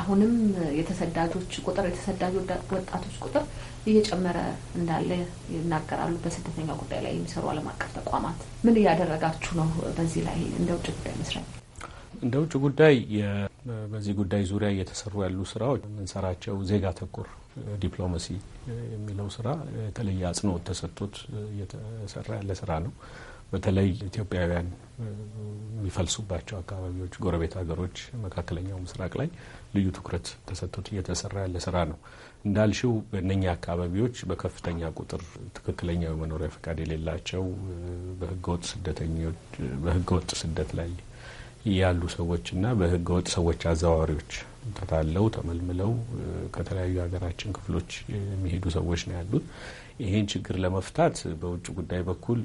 አሁንም የተሰዳጆች ቁጥር የተሰዳጅ ወጣቶች ቁጥር እየጨመረ እንዳለ ይናገራሉ። በስደተኛ ጉዳይ ላይ የሚሰሩ ዓለም አቀፍ ተቋማት ምን እያደረጋችሁ ነው? በዚህ ላይ እንደ ውጭ ጉዳይ መስሪያ እንደ ውጭ ጉዳይ በዚህ ጉዳይ ዙሪያ እየተሰሩ ያሉ ስራዎች የምንሰራቸው ዜጋ ተኮር ዲፕሎማሲ የሚለው ስራ የተለየ አጽንኦት ተሰጥቶት እየተሰራ ያለ ስራ ነው። በተለይ ኢትዮጵያውያን የሚፈልሱባቸው አካባቢዎች፣ ጎረቤት ሀገሮች፣ መካከለኛው ምስራቅ ላይ ልዩ ትኩረት ተሰጥቶት እየተሰራ ያለ ስራ ነው። እንዳልሽው በእነኛ አካባቢዎች በከፍተኛ ቁጥር ትክክለኛ የመኖሪያ ፈቃድ የሌላቸው በህገወጥ ስደተኞች በህገወጥ ስደት ላይ ያሉ ሰዎችና በህገወጥ ሰዎች አዘዋዋሪዎች ተታለው ተመልምለው ከተለያዩ ሀገራችን ክፍሎች የሚሄዱ ሰዎች ነው ያሉት። ይህን ችግር ለመፍታት በውጭ ጉዳይ በኩል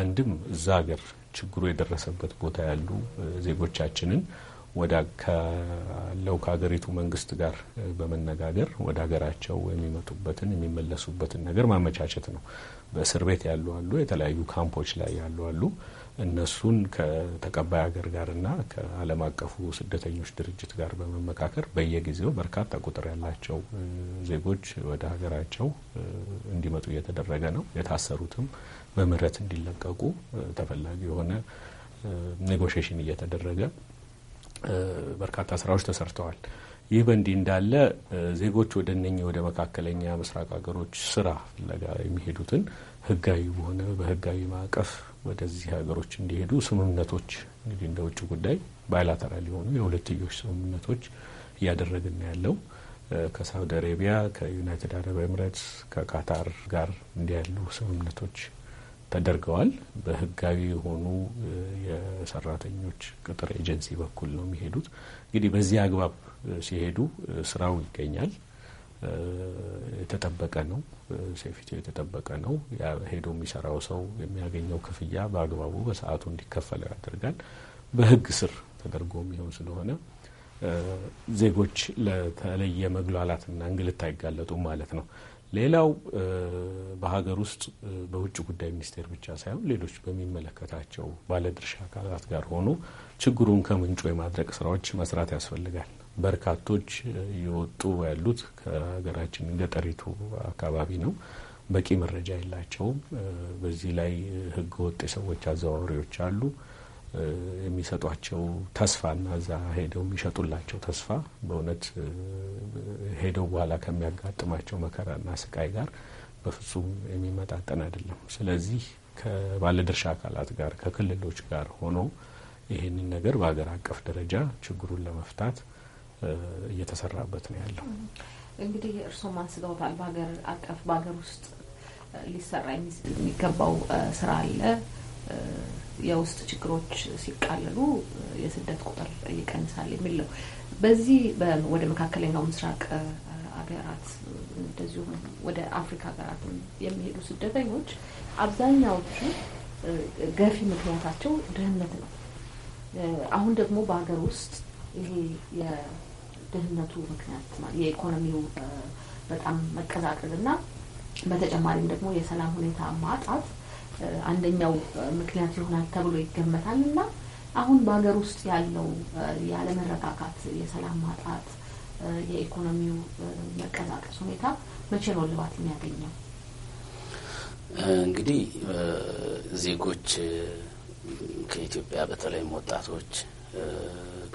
አንድም እዛ ሀገር ችግሩ የደረሰበት ቦታ ያሉ ዜጎቻችንን ወደ ካለው ከሀገሪቱ መንግስት ጋር በመነጋገር ወደ ሀገራቸው የሚመጡበትን የሚመለሱበትን ነገር ማመቻቸት ነው። በእስር ቤት ያሉ አሉ፣ የተለያዩ ካምፖች ላይ ያሉ አሉ። እነሱን ከተቀባይ ሀገር ጋርና ከዓለም አቀፉ ስደተኞች ድርጅት ጋር በመመካከር በየጊዜው በርካታ ቁጥር ያላቸው ዜጎች ወደ ሀገራቸው እንዲመጡ እየተደረገ ነው። የታሰሩትም በምህረት እንዲለቀቁ ተፈላጊ የሆነ ኔጎሽሽን እየተደረገ በርካታ ስራዎች ተሰርተዋል። ይህ በእንዲህ እንዳለ ዜጎች ወደ እነኚህ ወደ መካከለኛ ምስራቅ ሀገሮች ስራ ፍለጋ የሚሄዱትን ህጋዊ በሆነ በህጋዊ ማዕቀፍ ወደዚህ ሀገሮች እንዲሄዱ ስምምነቶች እንግዲህ እንደ ውጭ ጉዳይ ባይላተራል የሆኑ የሁለትዮሽ ስምምነቶች እያደረግን ያለው ከሳውዲ አረቢያ፣ ከዩናይትድ አረብ ኤምሬትስ፣ ከካታር ጋር እንዲህ ያሉ ስምምነቶች ተደርገዋል። በህጋዊ የሆኑ የሰራተኞች ቅጥር ኤጀንሲ በኩል ነው የሚሄዱት። እንግዲህ በዚህ አግባብ ሲሄዱ ስራው ይገኛል፣ የተጠበቀ ነው። ሴፊቲ የተጠበቀ ነው። ሄዶ የሚሰራው ሰው የሚያገኘው ክፍያ በአግባቡ በሰዓቱ እንዲከፈለው ያደርጋል። በህግ ስር ተደርጎ የሚሆን ስለሆነ ዜጎች ለተለየ መጉላላትና እንግልት አይጋለጡም ማለት ነው። ሌላው በሀገር ውስጥ በውጭ ጉዳይ ሚኒስቴር ብቻ ሳይሆን ሌሎች በሚመለከታቸው ባለድርሻ አካላት ጋር ሆኖ ችግሩን ከምንጩ የማድረቅ ስራዎች መስራት ያስፈልጋል። በርካቶች የወጡ ያሉት ከሀገራችን ገጠሪቱ አካባቢ ነው። በቂ መረጃ የላቸውም። በዚህ ላይ ህገወጥ የሰዎች አዘዋዋሪዎች አሉ። የሚሰጧቸው ተስፋና እዛ ሄደው የሚሸጡላቸው ተስፋ በእውነት ሄደው በኋላ ከሚያጋጥማቸው መከራና ስቃይ ጋር በፍጹም የሚመጣጠን አይደለም። ስለዚህ ከባለድርሻ አካላት ጋር ከክልሎች ጋር ሆኖ ይህንን ነገር በሀገር አቀፍ ደረጃ ችግሩን ለመፍታት እየተሰራበት ነው ያለው። እንግዲህ እርስዎም አንስተውታል። በሀገር አቀፍ በሀገር ውስጥ ሊሰራ የሚገባው ስራ አለ። የውስጥ ችግሮች ሲቃለሉ የስደት ቁጥር ይቀንሳል የሚል ነው። በዚህ ወደ መካከለኛው ምስራቅ ሀገራት እንደዚሁም ወደ አፍሪካ ሀገራት የሚሄዱ ስደተኞች አብዛኛዎቹ ገፊ ምክንያታቸው ድህነት ነው። አሁን ደግሞ በሀገር ውስጥ ይሄ ድህነቱ ምክንያት የኢኮኖሚው በጣም መቀዛቀዝ እና በተጨማሪም ደግሞ የሰላም ሁኔታ ማጣት አንደኛው ምክንያት ይሆናል ተብሎ ይገመታል እና አሁን በሀገር ውስጥ ያለው ያለመረጋጋት፣ የሰላም ማጣት፣ የኢኮኖሚው መቀዛቀስ ሁኔታ መቼ ነው እልባት የሚያገኘው? እንግዲህ ዜጎች ከኢትዮጵያ በተለይም ወጣቶች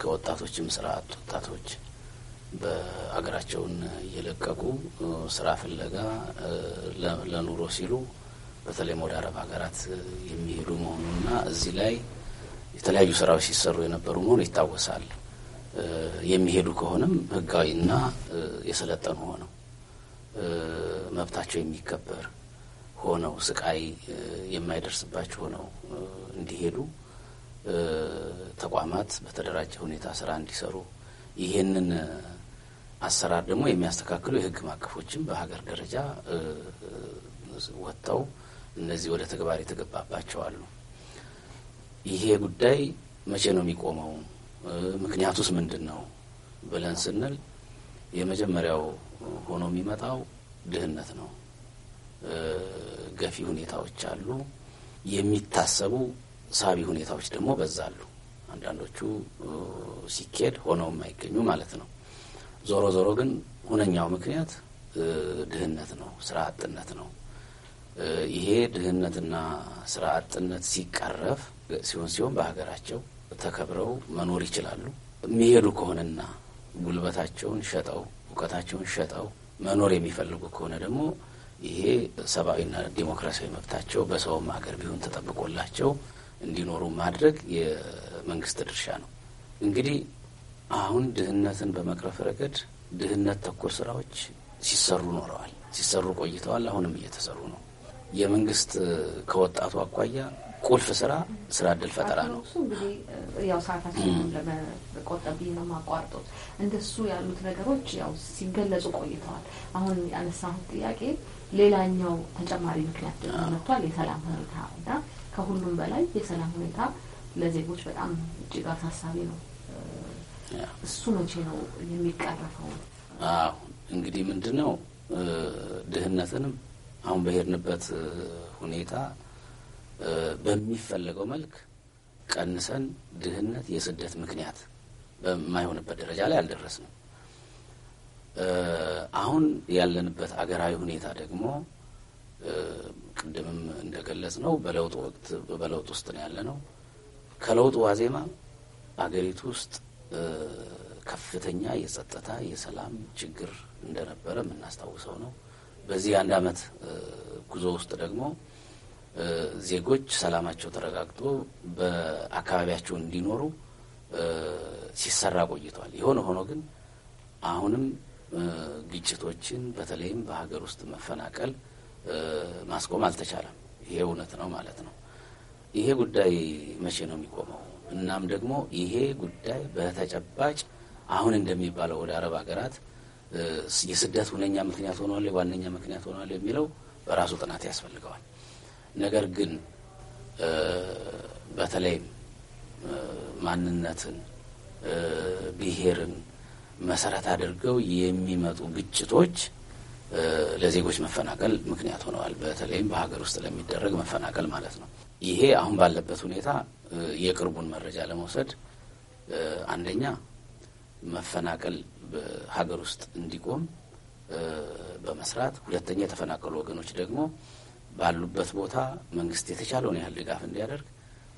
ከወጣቶችም ስርዓት ወጣቶች በአገራቸውን እየለቀቁ ስራ ፍለጋ ለኑሮ ሲሉ በተለይም ወደ አረብ ሀገራት የሚሄዱ መሆኑና እዚህ ላይ የተለያዩ ስራዎች ሲሰሩ የነበሩ መሆኑ ይታወሳል። የሚሄዱ ከሆነም ህጋዊና የሰለጠኑ ሆነው መብታቸው የሚከበር ሆነው ስቃይ የማይደርስባቸው ሆነው እንዲሄዱ ተቋማት በተደራጀ ሁኔታ ስራ እንዲሰሩ ይህንን። አሰራር ደግሞ የሚያስተካክሉ የህግ ማቀፎችን በሀገር ደረጃ ወጥተው እነዚህ ወደ ተግባር የተገባባቸዋሉ። ይሄ ጉዳይ መቼ ነው የሚቆመው? ምክንያቱስ ምንድን ነው ብለን ስንል የመጀመሪያው ሆኖ የሚመጣው ድህነት ነው። ገፊ ሁኔታዎች አሉ። የሚታሰቡ ሳቢ ሁኔታዎች ደግሞ በዛሉ። አንዳንዶቹ ሲኬድ ሆነው የማይገኙ ማለት ነው። ዞሮ ዞሮ ግን ሁነኛው ምክንያት ድህነት ነው፣ ስራ አጥነት ነው። ይሄ ድህነትና ስራ አጥነት ሲቀረፍ ሲሆን ሲሆን በሀገራቸው ተከብረው መኖር ይችላሉ። የሚሄዱ ከሆነና ጉልበታቸውን ሸጠው እውቀታቸውን ሸጠው መኖር የሚፈልጉ ከሆነ ደግሞ ይሄ ሰብአዊና ዴሞክራሲያዊ መብታቸው በሰውም ሀገር ቢሆን ተጠብቆላቸው እንዲኖሩ ማድረግ የመንግስት ድርሻ ነው። እንግዲህ አሁን ድህነትን በመቅረፍ ረገድ ድህነት ተኮር ስራዎች ሲሰሩ ኖረዋል፣ ሲሰሩ ቆይተዋል፣ አሁንም እየተሰሩ ነው። የመንግስት ከወጣቱ አኳያ ቁልፍ ስራ ስራ እድል ፈጠራ ነው። ያው ሰዓታችንን ለመቆጠብ ነው የማቋርጡት። እንደሱ ያሉት ነገሮች ያው ሲገለጹ ቆይተዋል። አሁን ያነሳሁት ጥያቄ ሌላኛው ተጨማሪ ምክንያት ደግሞ መጥቷል፣ የሰላም ሁኔታ እና ከሁሉም በላይ የሰላም ሁኔታ ለዜጎች በጣም እጅግ አሳሳቢ ነው። እሱ መቼ ነው የሚቀረፈው? አዎ እንግዲህ ምንድን ነው ድህነትንም አሁን በሄድንበት ሁኔታ በሚፈለገው መልክ ቀንሰን ድህነት የስደት ምክንያት በማይሆንበት ደረጃ ላይ አልደረስንም። አሁን ያለንበት አገራዊ ሁኔታ ደግሞ ቅድምም እንደገለጽ ነው በለውጥ ወቅት በለውጥ ውስጥ ነው ያለ ነው። ከለውጡ ዋዜማ አገሪቱ ውስጥ ከፍተኛ የጸጥታ የሰላም ችግር እንደነበረ የምናስታውሰው ነው። በዚህ አንድ አመት ጉዞ ውስጥ ደግሞ ዜጎች ሰላማቸው ተረጋግጦ በአካባቢያቸው እንዲኖሩ ሲሰራ ቆይቷል። የሆነ ሆኖ ግን አሁንም ግጭቶችን በተለይም በሀገር ውስጥ መፈናቀል ማስቆም አልተቻለም። ይሄ እውነት ነው ማለት ነው። ይሄ ጉዳይ መቼ ነው የሚቆመው? እናም ደግሞ ይሄ ጉዳይ በተጨባጭ አሁን እንደሚባለው ወደ አረብ ሀገራት የስደት ሁነኛ ምክንያት ሆኗል፣ ዋነኛ ምክንያት ሆኗል የሚለው በራሱ ጥናት ያስፈልገዋል። ነገር ግን በተለይም ማንነትን፣ ብሔርን መሰረት አድርገው የሚመጡ ግጭቶች ለዜጎች መፈናቀል ምክንያት ሆነዋል። በተለይም በሀገር ውስጥ ለሚደረግ መፈናቀል ማለት ነው። ይሄ አሁን ባለበት ሁኔታ የቅርቡን መረጃ ለመውሰድ አንደኛ መፈናቀል በሀገር ውስጥ እንዲቆም በመስራት ሁለተኛ የተፈናቀሉ ወገኖች ደግሞ ባሉበት ቦታ መንግስት የተቻለውን ያህል ድጋፍ እንዲያደርግ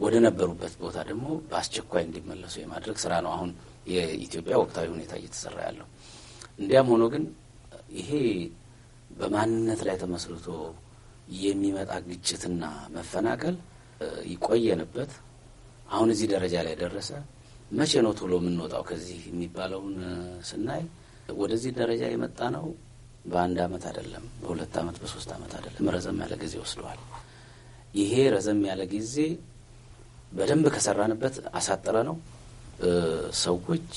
ወደ ነበሩበት ቦታ ደግሞ በአስቸኳይ እንዲመለሱ የማድረግ ስራ ነው አሁን የኢትዮጵያ ወቅታዊ ሁኔታ እየተሰራ ያለው። እንዲያም ሆኖ ግን ይሄ በማንነት ላይ ተመስርቶ የሚመጣ ግጭትና መፈናቀል ይቆየንበት አሁን እዚህ ደረጃ ላይ ደረሰ። መቼ ነው ቶሎ የምንወጣው ከዚህ የሚባለውን ስናይ ወደዚህ ደረጃ የመጣ ነው በአንድ አመት አይደለም፣ በሁለት አመት፣ በሶስት አመት አይደለም። ረዘም ያለ ጊዜ ወስደዋል። ይሄ ረዘም ያለ ጊዜ በደንብ ከሰራንበት አሳጠረ ነው። ሰዎች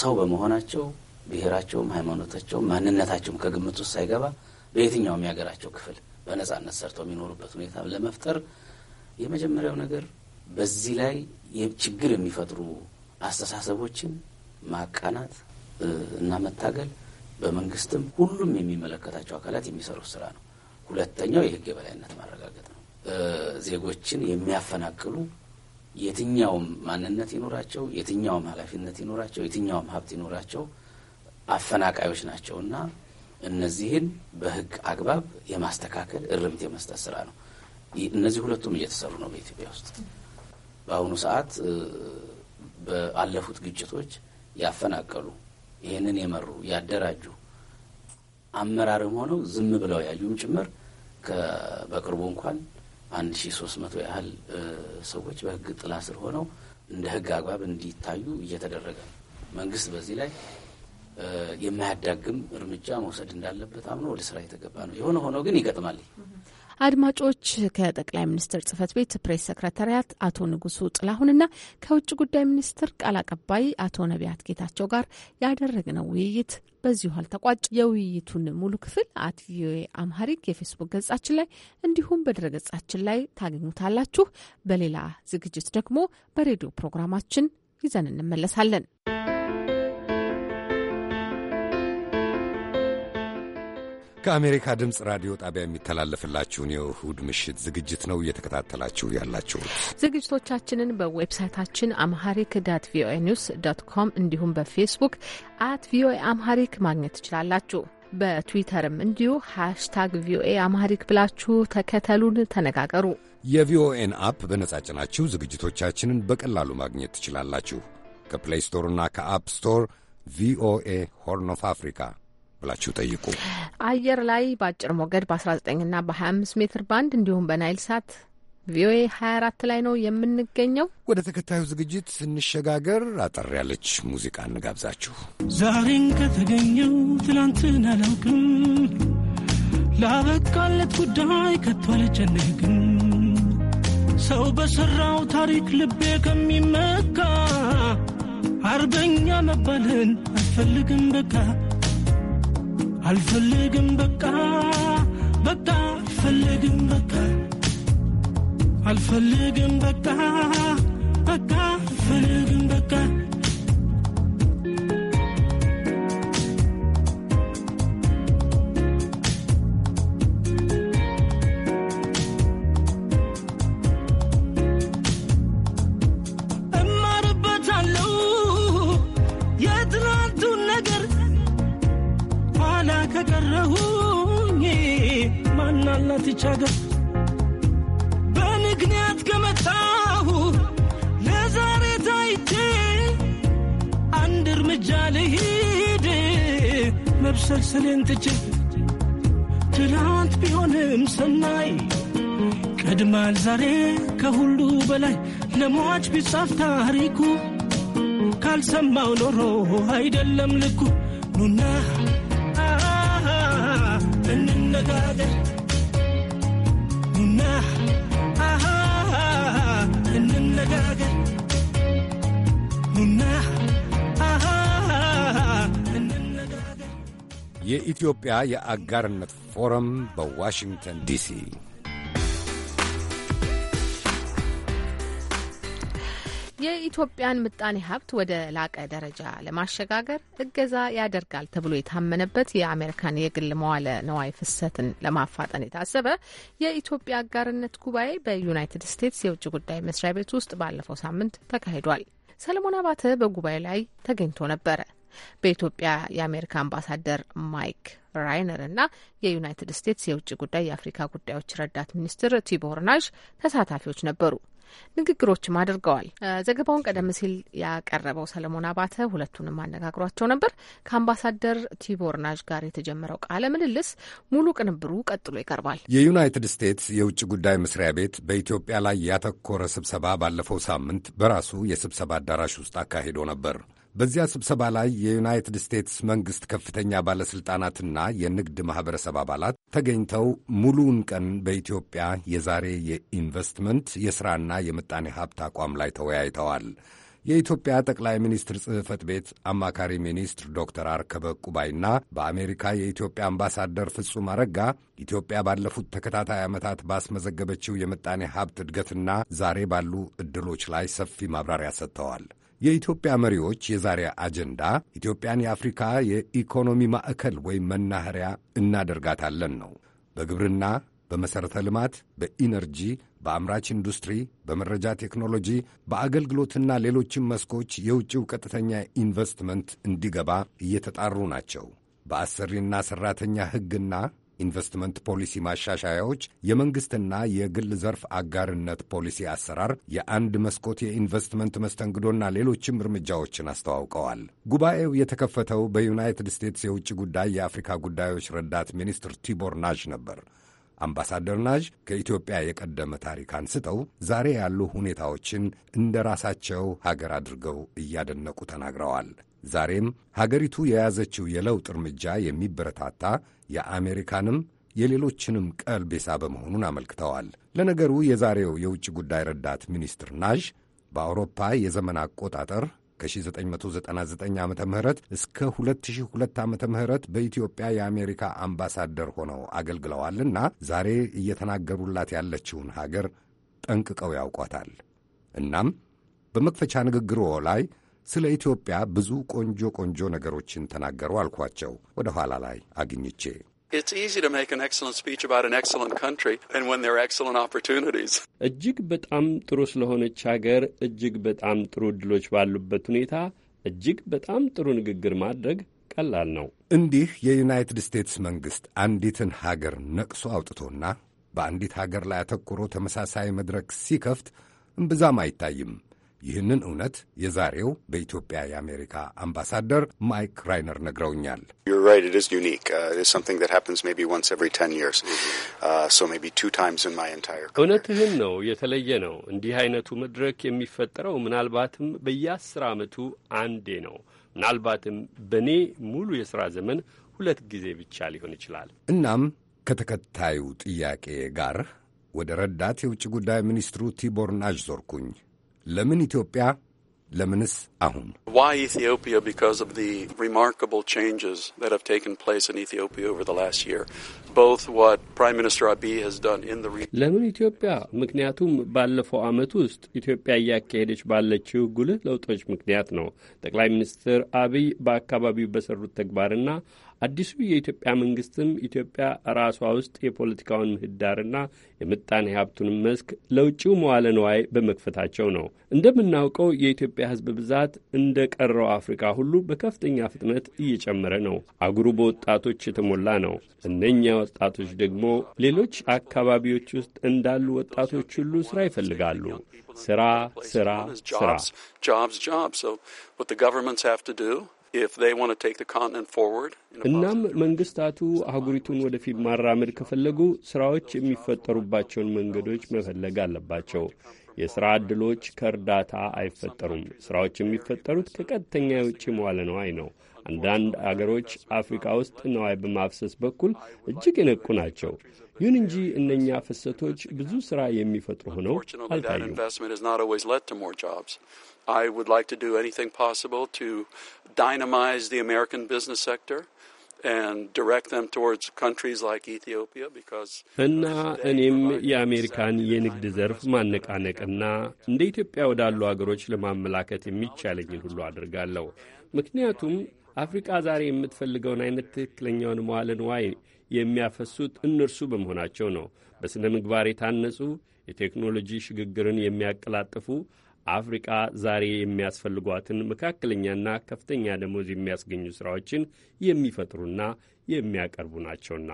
ሰው በመሆናቸው ብሔራቸውም፣ ሃይማኖታቸውም፣ ማንነታቸውም ከግምት ውስጥ ሳይገባ በየትኛውም የሀገራቸው ክፍል በነጻነት ሰርተው የሚኖሩበት ሁኔታ ለመፍጠር የመጀመሪያው ነገር በዚህ ላይ ችግር የሚፈጥሩ አስተሳሰቦችን ማቃናት እና መታገል በመንግስትም ሁሉም የሚመለከታቸው አካላት የሚሰሩት ስራ ነው። ሁለተኛው የህግ የበላይነት ማረጋገጥ ነው። ዜጎችን የሚያፈናቅሉ የትኛውም ማንነት ይኖራቸው፣ የትኛውም ኃላፊነት ይኖራቸው፣ የትኛውም ሀብት ይኖራቸው አፈናቃዮች ናቸው እና እነዚህን በህግ አግባብ የማስተካከል እርምት የመስጠት ስራ ነው። እነዚህ ሁለቱም እየተሰሩ ነው በኢትዮጵያ ውስጥ። በአሁኑ ሰዓት በአለፉት ግጭቶች ያፈናቀሉ ይህንን የመሩ ያደራጁ አመራርም ሆነው ዝም ብለው ያዩም ጭምር በቅርቡ እንኳን አንድ ሺ ሶስት መቶ ያህል ሰዎች በህግ ጥላ ስር ሆነው እንደ ህግ አግባብ እንዲታዩ እየተደረገ ነው። መንግስት በዚህ ላይ የማያዳግም እርምጃ መውሰድ እንዳለበት አምኖ ወደ ስራ የተገባ ነው። የሆነ ሆኖ ግን ይገጥማል። አድማጮች ከጠቅላይ ሚኒስትር ጽህፈት ቤት ፕሬስ ሰክረታሪያት አቶ ንጉሱ ጥላሁንና ከውጭ ጉዳይ ሚኒስትር ቃል አቀባይ አቶ ነቢያት ጌታቸው ጋር ያደረግነው ውይይት በዚሁ አልተቋጭ። የውይይቱን ሙሉ ክፍል አት ቪኦኤ አምሃሪክ የፌስቡክ ገጻችን ላይ እንዲሁም በድረ ገጻችን ላይ ታገኙታላችሁ። በሌላ ዝግጅት ደግሞ በሬዲዮ ፕሮግራማችን ይዘን እንመለሳለን። ከአሜሪካ ድምፅ ራዲዮ ጣቢያ የሚተላለፍላችሁን የእሁድ ምሽት ዝግጅት ነው እየተከታተላችሁ ያላችሁት። ዝግጅቶቻችንን በዌብሳይታችን አምሃሪክ ዳት ቪኦኤ ኒውስ ዳት ኮም እንዲሁም በፌስቡክ አት ቪኦኤ አምሃሪክ ማግኘት ትችላላችሁ። በትዊተርም እንዲሁ ሃሽታግ ቪኦኤ አምሃሪክ ብላችሁ ተከተሉን፣ ተነጋገሩ። የቪኦኤን አፕ በነጻ ጭናችሁ ዝግጅቶቻችንን በቀላሉ ማግኘት ትችላላችሁ። ከፕሌይ ስቶርና ከአፕ ስቶር ቪኦኤ ሆርን ኦፍ አፍሪካ ብላችሁ ጠይቁ። አየር ላይ በአጭር ሞገድ በ19ና በ25 ሜትር ባንድ እንዲሁም በናይል ሳት ቪኦኤ 24 ላይ ነው የምንገኘው። ወደ ተከታዩ ዝግጅት ስንሸጋገር አጠር ያለች ሙዚቃ እንጋብዛችሁ። ዛሬን ከተገኘው ትላንትን አላውቅም፣ ላበቃለት ጉዳይ ከቶ አልጨነቅም። ሰው በሠራው ታሪክ ልቤ ከሚመካ አርበኛ መባልን አልፈልግም በቃ አልፈልግም በቃ በቃ አልፈልግም በቃ አልፈልግም በቃ በቃ አልፈልግም በቃ ከቀረሁኝ ማናላት ይቻገር በምክንያት ከመጣሁ ለዛሬ ታይቼ አንድ እርምጃ ልሂድ መብሰልሰሌን ትቼ ትናንት ቢሆንም ሰናይ ቀድማል ዛሬ ከሁሉ በላይ ለሟች ቢጻፍ ታሪኩ ካልሰማው ኖሮ አይደለም ልኩ ኑና እንነጋገር ና እንነጋገር ና የኢትዮጵያ የአጋርነት ፎረም በዋሽንግተን ዲሲ የኢትዮጵያን ምጣኔ ሀብት ወደ ላቀ ደረጃ ለማሸጋገር እገዛ ያደርጋል ተብሎ የታመነበት የአሜሪካን የግል መዋለ ነዋይ ፍሰትን ለማፋጠን የታሰበ የኢትዮጵያ አጋርነት ጉባኤ በዩናይትድ ስቴትስ የውጭ ጉዳይ መስሪያ ቤት ውስጥ ባለፈው ሳምንት ተካሂዷል። ሰለሞን አባተ በጉባኤ ላይ ተገኝቶ ነበረ። በኢትዮጵያ የአሜሪካ አምባሳደር ማይክ ራይነር እና የዩናይትድ ስቴትስ የውጭ ጉዳይ የአፍሪካ ጉዳዮች ረዳት ሚኒስትር ቲቦር ናዥ ተሳታፊዎች ነበሩ። ንግግሮችም አድርገዋል። ዘገባውን ቀደም ሲል ያቀረበው ሰለሞን አባተ ሁለቱንም አነጋግሯቸው ነበር። ከአምባሳደር ቲቦር ናዥ ጋር የተጀመረው ቃለ ምልልስ ሙሉ ቅንብሩ ቀጥሎ ይቀርባል። የዩናይትድ ስቴትስ የውጭ ጉዳይ መስሪያ ቤት በኢትዮጵያ ላይ ያተኮረ ስብሰባ ባለፈው ሳምንት በራሱ የስብሰባ አዳራሽ ውስጥ አካሂዶ ነበር። በዚያ ስብሰባ ላይ የዩናይትድ ስቴትስ መንግሥት ከፍተኛ ባለሥልጣናትና የንግድ ማኅበረሰብ አባላት ተገኝተው ሙሉውን ቀን በኢትዮጵያ የዛሬ የኢንቨስትመንት የሥራና የምጣኔ ሀብት አቋም ላይ ተወያይተዋል። የኢትዮጵያ ጠቅላይ ሚኒስትር ጽሕፈት ቤት አማካሪ ሚኒስትር ዶክተር አርከበ ቁባይና በአሜሪካ የኢትዮጵያ አምባሳደር ፍጹም አረጋ ኢትዮጵያ ባለፉት ተከታታይ ዓመታት ባስመዘገበችው የምጣኔ ሀብት እድገትና ዛሬ ባሉ ዕድሎች ላይ ሰፊ ማብራሪያ ሰጥተዋል። የኢትዮጵያ መሪዎች የዛሬ አጀንዳ ኢትዮጵያን የአፍሪካ የኢኮኖሚ ማዕከል ወይም መናኸሪያ እናደርጋታለን ነው። በግብርና፣ በመሠረተ ልማት፣ በኢነርጂ፣ በአምራች ኢንዱስትሪ፣ በመረጃ ቴክኖሎጂ፣ በአገልግሎትና ሌሎችም መስኮች የውጭው ቀጥተኛ ኢንቨስትመንት እንዲገባ እየተጣሩ ናቸው። በአሰሪና ሠራተኛ ሕግና ኢንቨስትመንት ፖሊሲ ማሻሻያዎች፣ የመንግሥትና የግል ዘርፍ አጋርነት ፖሊሲ አሰራር፣ የአንድ መስኮት የኢንቨስትመንት መስተንግዶና ሌሎችም እርምጃዎችን አስተዋውቀዋል። ጉባኤው የተከፈተው በዩናይትድ ስቴትስ የውጭ ጉዳይ የአፍሪካ ጉዳዮች ረዳት ሚኒስትር ቲቦር ናዥ ነበር። አምባሳደር ናዥ ከኢትዮጵያ የቀደመ ታሪክ አንስተው ዛሬ ያሉ ሁኔታዎችን እንደ ራሳቸው ሀገር አድርገው እያደነቁ ተናግረዋል። ዛሬም ሀገሪቱ የያዘችው የለውጥ እርምጃ የሚበረታታ የአሜሪካንም የሌሎችንም ቀልብ የሳበ መሆኑን አመልክተዋል። ለነገሩ የዛሬው የውጭ ጉዳይ ረዳት ሚኒስትር ናዥ በአውሮፓ የዘመን አቆጣጠር ከ1999 ዓ ም እስከ 2002 ዓ ም በኢትዮጵያ የአሜሪካ አምባሳደር ሆነው አገልግለዋልና ዛሬ እየተናገሩላት ያለችውን ሀገር ጠንቅቀው ያውቋታል። እናም በመክፈቻ ንግግሮ ላይ ስለ ኢትዮጵያ ብዙ ቆንጆ ቆንጆ ነገሮችን ተናገሩ አልኳቸው ወደ ኋላ ላይ አግኝቼ። እጅግ በጣም ጥሩ ስለሆነች ሀገር እጅግ በጣም ጥሩ ዕድሎች ባሉበት ሁኔታ እጅግ በጣም ጥሩ ንግግር ማድረግ ቀላል ነው። እንዲህ የዩናይትድ ስቴትስ መንግሥት አንዲትን ሀገር ነቅሶ አውጥቶና በአንዲት ሀገር ላይ አተኩሮ ተመሳሳይ መድረክ ሲከፍት እምብዛም አይታይም። ይህንን እውነት የዛሬው በኢትዮጵያ የአሜሪካ አምባሳደር ማይክ ራይነር ነግረውኛል። uh, mm-hmm. uh, እውነትህን ነው፣ የተለየ ነው። እንዲህ አይነቱ መድረክ የሚፈጠረው ምናልባትም በየአስር ዓመቱ አንዴ ነው። ምናልባትም በእኔ ሙሉ የሥራ ዘመን ሁለት ጊዜ ብቻ ሊሆን ይችላል። እናም ከተከታዩ ጥያቄ ጋር ወደ ረዳት የውጭ ጉዳይ ሚኒስትሩ ቲቦር ናዥ ዞርኩኝ። ለምን ኢትዮጵያ? ለምንስ አሁን? ለምን ኢትዮጵያ? ምክንያቱም ባለፈው ዓመት ውስጥ ኢትዮጵያ እያካሄደች ባለችው ጉልህ ለውጦች ምክንያት ነው። ጠቅላይ ሚኒስትር አብይ በአካባቢው በሰሩት ተግባርና አዲሱ የኢትዮጵያ መንግስትም ኢትዮጵያ ራሷ ውስጥ የፖለቲካውን ምህዳርና የምጣኔ ሀብቱንም መስክ ለውጭው መዋለ ንዋይ በመክፈታቸው ነው። እንደምናውቀው የኢትዮጵያ ሕዝብ ብዛት እንደ ቀረው አፍሪካ ሁሉ በከፍተኛ ፍጥነት እየጨመረ ነው። አጉሩ በወጣቶች የተሞላ ነው። እነኛ ወጣቶች ደግሞ ሌሎች አካባቢዎች ውስጥ እንዳሉ ወጣቶች ሁሉ ስራ ይፈልጋሉ። ስራ፣ ስራ፣ ስራ እናም መንግስታቱ አህጉሪቱን ወደፊት ማራመድ ከፈለጉ ስራዎች የሚፈጠሩባቸውን መንገዶች መፈለግ አለባቸው። የሥራ ዕድሎች ከእርዳታ አይፈጠሩም። ሥራዎች የሚፈጠሩት ከቀጥተኛ የውጭ መዋለ ነዋይ ነው። አንዳንድ አገሮች አፍሪካ ውስጥ ነዋይ በማፍሰስ በኩል እጅግ የነቁ ናቸው። ይሁን እንጂ እነኛ ፍሰቶች ብዙ ስራ የሚፈጥሩ ሆነው አልታዩም። I would like to do anything possible to dynamize the American business sector and direct them towards countries like Ethiopia because እና እኔም የአሜሪካን የንግድ ዘርፍ ማነቃነቅና እንደ ኢትዮጵያ ወዳሉ አገሮች ለማመላከት የሚቻለኝን ሁሉ አድርጋለሁ። ምክንያቱም አፍሪቃ ዛሬ የምትፈልገውን አይነት ትክክለኛውን መዋለ ንዋይ የሚያፈሱት እነርሱ በመሆናቸው ነው። በሥነ ምግባር የታነጹ የቴክኖሎጂ ሽግግርን የሚያቀላጥፉ አፍሪቃ ዛሬ የሚያስፈልጓትን መካከለኛና ከፍተኛ ደሞዝ የሚያስገኙ ሥራዎችን የሚፈጥሩና የሚያቀርቡ ናቸውና።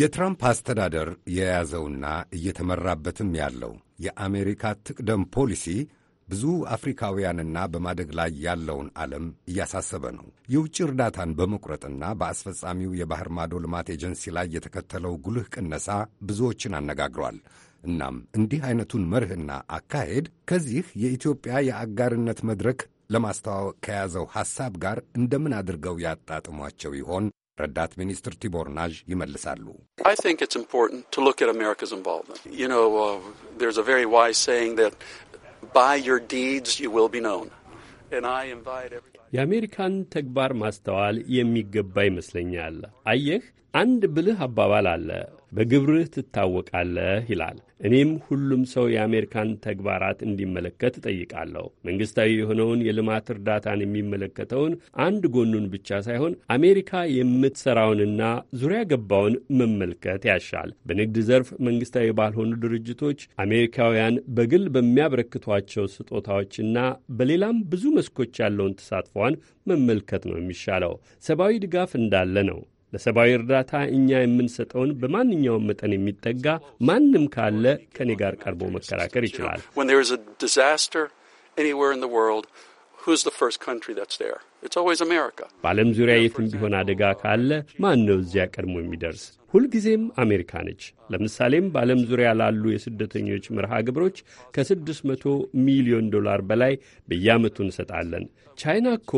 የትራምፕ አስተዳደር የያዘውና እየተመራበትም ያለው የአሜሪካ ትቅደም ፖሊሲ ብዙ አፍሪካውያንና በማደግ ላይ ያለውን ዓለም እያሳሰበ ነው። የውጭ እርዳታን በመቁረጥና በአስፈጻሚው የባህር ማዶ ልማት ኤጀንሲ ላይ የተከተለው ጉልህ ቅነሳ ብዙዎችን አነጋግሯል። እናም እንዲህ አይነቱን መርህና አካሄድ ከዚህ የኢትዮጵያ የአጋርነት መድረክ ለማስተዋወቅ ከያዘው ሐሳብ ጋር እንደምን አድርገው ያጣጥሟቸው ይሆን? ረዳት ሚኒስትር ቲቦር ናዥ ይመልሳሉ። የአሜሪካን ተግባር ማስተዋል የሚገባ ይመስለኛል። አየህ፣ አንድ ብልህ አባባል አለ በግብርህ ትታወቃለህ ይላል። እኔም ሁሉም ሰው የአሜሪካን ተግባራት እንዲመለከት እጠይቃለሁ። መንግሥታዊ የሆነውን የልማት እርዳታን የሚመለከተውን አንድ ጎኑን ብቻ ሳይሆን አሜሪካ የምትሠራውንና ዙሪያ ገባውን መመልከት ያሻል። በንግድ ዘርፍ መንግሥታዊ ባልሆኑ ድርጅቶች አሜሪካውያን በግል በሚያበረክቷቸው ስጦታዎችና በሌላም ብዙ መስኮች ያለውን ተሳትፏን መመልከት ነው የሚሻለው። ሰብአዊ ድጋፍ እንዳለ ነው ለሰብአዊ እርዳታ እኛ የምንሰጠውን በማንኛውም መጠን የሚጠጋ ማንም ካለ ከእኔ ጋር ቀርቦ መከራከር ይችላል። በዓለም ዙሪያ የትም ቢሆን አደጋ ካለ ማን ነው እዚያ ቀድሞ የሚደርስ? ሁልጊዜም አሜሪካ ነች። ለምሳሌም በዓለም ዙሪያ ላሉ የስደተኞች መርሃ ግብሮች ከ600 ሚሊዮን ዶላር በላይ በየዓመቱ እንሰጣለን። ቻይና እኮ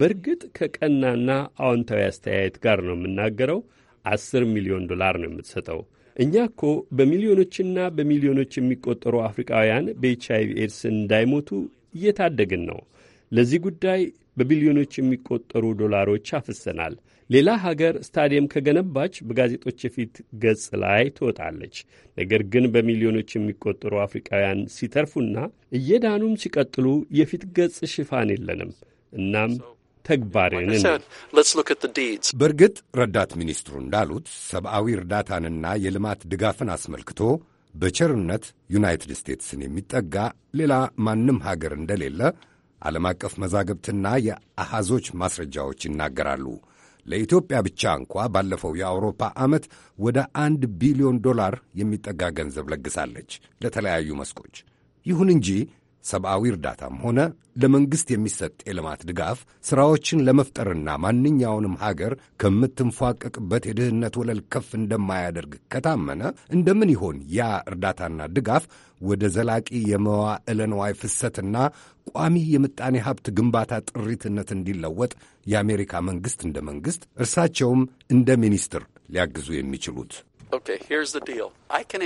በእርግጥ ከቀናና አዎንታዊ አስተያየት ጋር ነው የምናገረው፣ 10 ሚሊዮን ዶላር ነው የምትሰጠው። እኛ እኮ በሚሊዮኖችና በሚሊዮኖች የሚቆጠሩ አፍሪካውያን በኤች ኤድስ እንዳይሞቱ እየታደግን ነው። ለዚህ ጉዳይ በቢሊዮኖች የሚቆጠሩ ዶላሮች አፍሰናል። ሌላ ሀገር ስታዲየም ከገነባች በጋዜጦች የፊት ገጽ ላይ ትወጣለች። ነገር ግን በሚሊዮኖች የሚቆጠሩ አፍሪካውያን ሲተርፉና እየዳኑም ሲቀጥሉ የፊት ገጽ ሽፋን የለንም። እናም ተግባርን በእርግጥ ረዳት ሚኒስትሩ እንዳሉት ሰብአዊ እርዳታንና የልማት ድጋፍን አስመልክቶ በቸርነት ዩናይትድ ስቴትስን የሚጠጋ ሌላ ማንም ሀገር እንደሌለ ዓለም አቀፍ መዛግብትና የአሃዞች ማስረጃዎች ይናገራሉ። ለኢትዮጵያ ብቻ እንኳ ባለፈው የአውሮፓ ዓመት ወደ አንድ ቢሊዮን ዶላር የሚጠጋ ገንዘብ ለግሳለች ለተለያዩ መስኮች። ይሁን እንጂ ሰብአዊ እርዳታም ሆነ ለመንግሥት የሚሰጥ የልማት ድጋፍ ሥራዎችን ለመፍጠርና ማንኛውንም ሀገር ከምትንፏቀቅበት የድህነት ወለል ከፍ እንደማያደርግ ከታመነ እንደምን ይሆን ያ እርዳታና ድጋፍ ወደ ዘላቂ የመዋዕለ ንዋይ ፍሰትና ቋሚ የምጣኔ ሀብት ግንባታ ጥሪትነት እንዲለወጥ የአሜሪካ መንግሥት እንደ መንግሥት እርሳቸውም እንደ ሚኒስትር ሊያግዙ የሚችሉት ኦኬ ሂርስ ዘ ዲል አይ ካን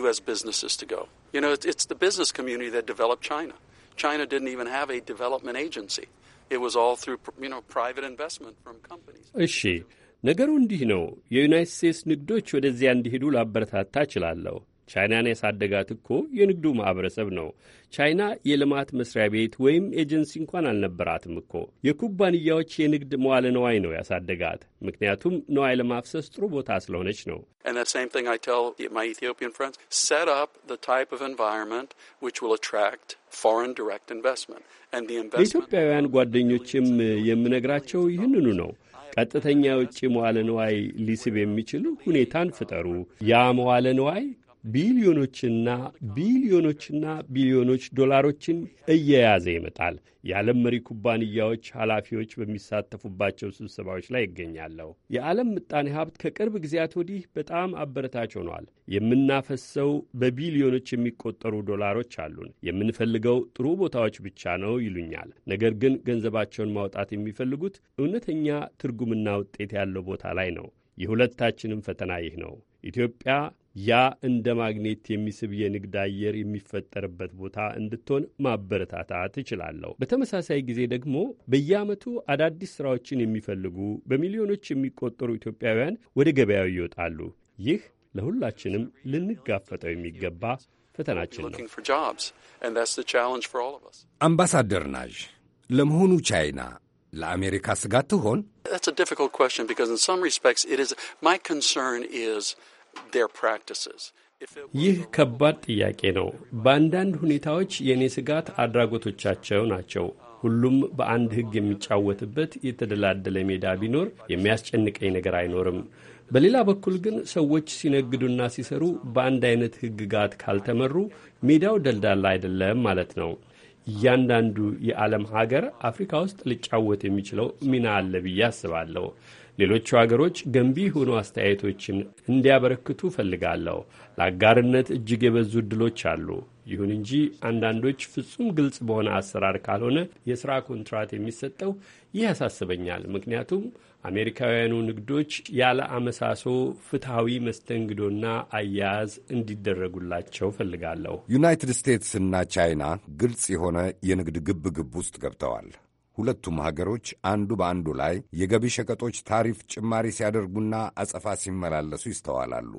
ዩ አዝ ቢዝነስስ ቱ ጎ You know, it's, the business community that developed China. China didn't even have a development agency. It was all through, you know, private investment from companies. እሺ ነገሩ እንዲህ ነው። የዩናይት ስቴትስ ንግዶች ወደዚያ እንዲሄዱ ላበረታታ እችላለሁ። ቻይናን ያሳደጋት እኮ የንግዱ ማኅበረሰብ ነው። ቻይና የልማት መስሪያ ቤት ወይም ኤጀንሲ እንኳን አልነበራትም እኮ የኩባንያዎች የንግድ መዋለ ነዋይ ነው ያሳደጋት። ምክንያቱም ነዋይ ለማፍሰስ ጥሩ ቦታ ስለሆነች ነው። ለኢትዮጵያውያን ጓደኞችም የምነግራቸው ይህንኑ ነው። ቀጥተኛ የውጭ መዋለ ነዋይ ሊስብ የሚችል ሁኔታን ፍጠሩ። ያ መዋለ ነዋይ ቢሊዮኖችና ቢሊዮኖችና ቢሊዮኖች ዶላሮችን እየያዘ ይመጣል። የዓለም መሪ ኩባንያዎች ኃላፊዎች በሚሳተፉባቸው ስብሰባዎች ላይ ይገኛለሁ። የዓለም ምጣኔ ሀብት ከቅርብ ጊዜያት ወዲህ በጣም አበረታች ሆኗል። የምናፈሰው በቢሊዮኖች የሚቆጠሩ ዶላሮች አሉን። የምንፈልገው ጥሩ ቦታዎች ብቻ ነው ይሉኛል። ነገር ግን ገንዘባቸውን ማውጣት የሚፈልጉት እውነተኛ ትርጉምና ውጤት ያለው ቦታ ላይ ነው። የሁለታችንም ፈተና ይህ ነው። ኢትዮጵያ ያ እንደ ማግኔት የሚስብ የንግድ አየር የሚፈጠርበት ቦታ እንድትሆን ማበረታታት እችላለሁ። በተመሳሳይ ጊዜ ደግሞ በየዓመቱ አዳዲስ ሥራዎችን የሚፈልጉ በሚሊዮኖች የሚቆጠሩ ኢትዮጵያውያን ወደ ገበያው ይወጣሉ። ይህ ለሁላችንም ልንጋፈጠው የሚገባ ፈተናችን ነው። አምባሳደር ናዥ፣ ለመሆኑ ቻይና ለአሜሪካ ስጋት ትሆን? ይህ ከባድ ጥያቄ ነው። በአንዳንድ ሁኔታዎች የእኔ ስጋት አድራጎቶቻቸው ናቸው። ሁሉም በአንድ ሕግ የሚጫወትበት የተደላደለ ሜዳ ቢኖር የሚያስጨንቀኝ ነገር አይኖርም። በሌላ በኩል ግን ሰዎች ሲነግዱና ሲሰሩ በአንድ አይነት ሕግጋት ካልተመሩ ሜዳው ደልዳላ አይደለም ማለት ነው። እያንዳንዱ የዓለም ሀገር አፍሪካ ውስጥ ሊጫወት የሚችለው ሚና አለ ብዬ አስባለሁ። ሌሎቹ አገሮች ገንቢ የሆኑ አስተያየቶችን እንዲያበረክቱ ፈልጋለሁ። ለአጋርነት እጅግ የበዙ እድሎች አሉ። ይሁን እንጂ አንዳንዶች ፍጹም ግልጽ በሆነ አሰራር ካልሆነ የሥራ ኮንትራት የሚሰጠው ይህ ያሳስበኛል። ምክንያቱም አሜሪካውያኑ ንግዶች ያለ አመሳሶ ፍትሐዊ መስተንግዶና አያያዝ እንዲደረጉላቸው ፈልጋለሁ። ዩናይትድ እና ቻይና ግልጽ የሆነ የንግድ ግብ ግብ ውስጥ ገብተዋል። ሁለቱም ሀገሮች አንዱ በአንዱ ላይ የገቢ ሸቀጦች ታሪፍ ጭማሪ ሲያደርጉና አጸፋ ሲመላለሱ ይስተዋላሉ።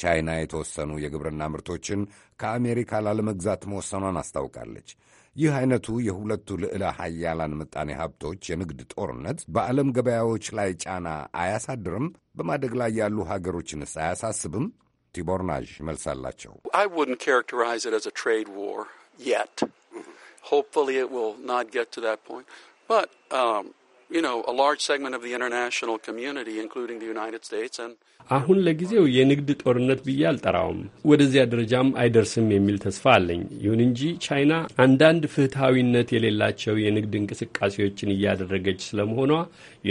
ቻይና የተወሰኑ የግብርና ምርቶችን ከአሜሪካ ላለመግዛት መወሰኗን አስታውቃለች። ይህ አይነቱ የሁለቱ ልዕለ ሀያላን ምጣኔ ሀብቶች የንግድ ጦርነት በዓለም ገበያዎች ላይ ጫና አያሳድርም? በማደግ ላይ ያሉ ሀገሮችንስ አያሳስብም? ቲቦር ናዥ መልስ አላቸው። But, um, you know, a large segment of the international community, including the United States and አሁን ለጊዜው የንግድ ጦርነት ብዬ አልጠራውም። ወደዚያ ደረጃም አይደርስም የሚል ተስፋ አለኝ። ይሁን እንጂ ቻይና አንዳንድ ፍትሐዊነት የሌላቸው የንግድ እንቅስቃሴዎችን እያደረገች ስለመሆኗ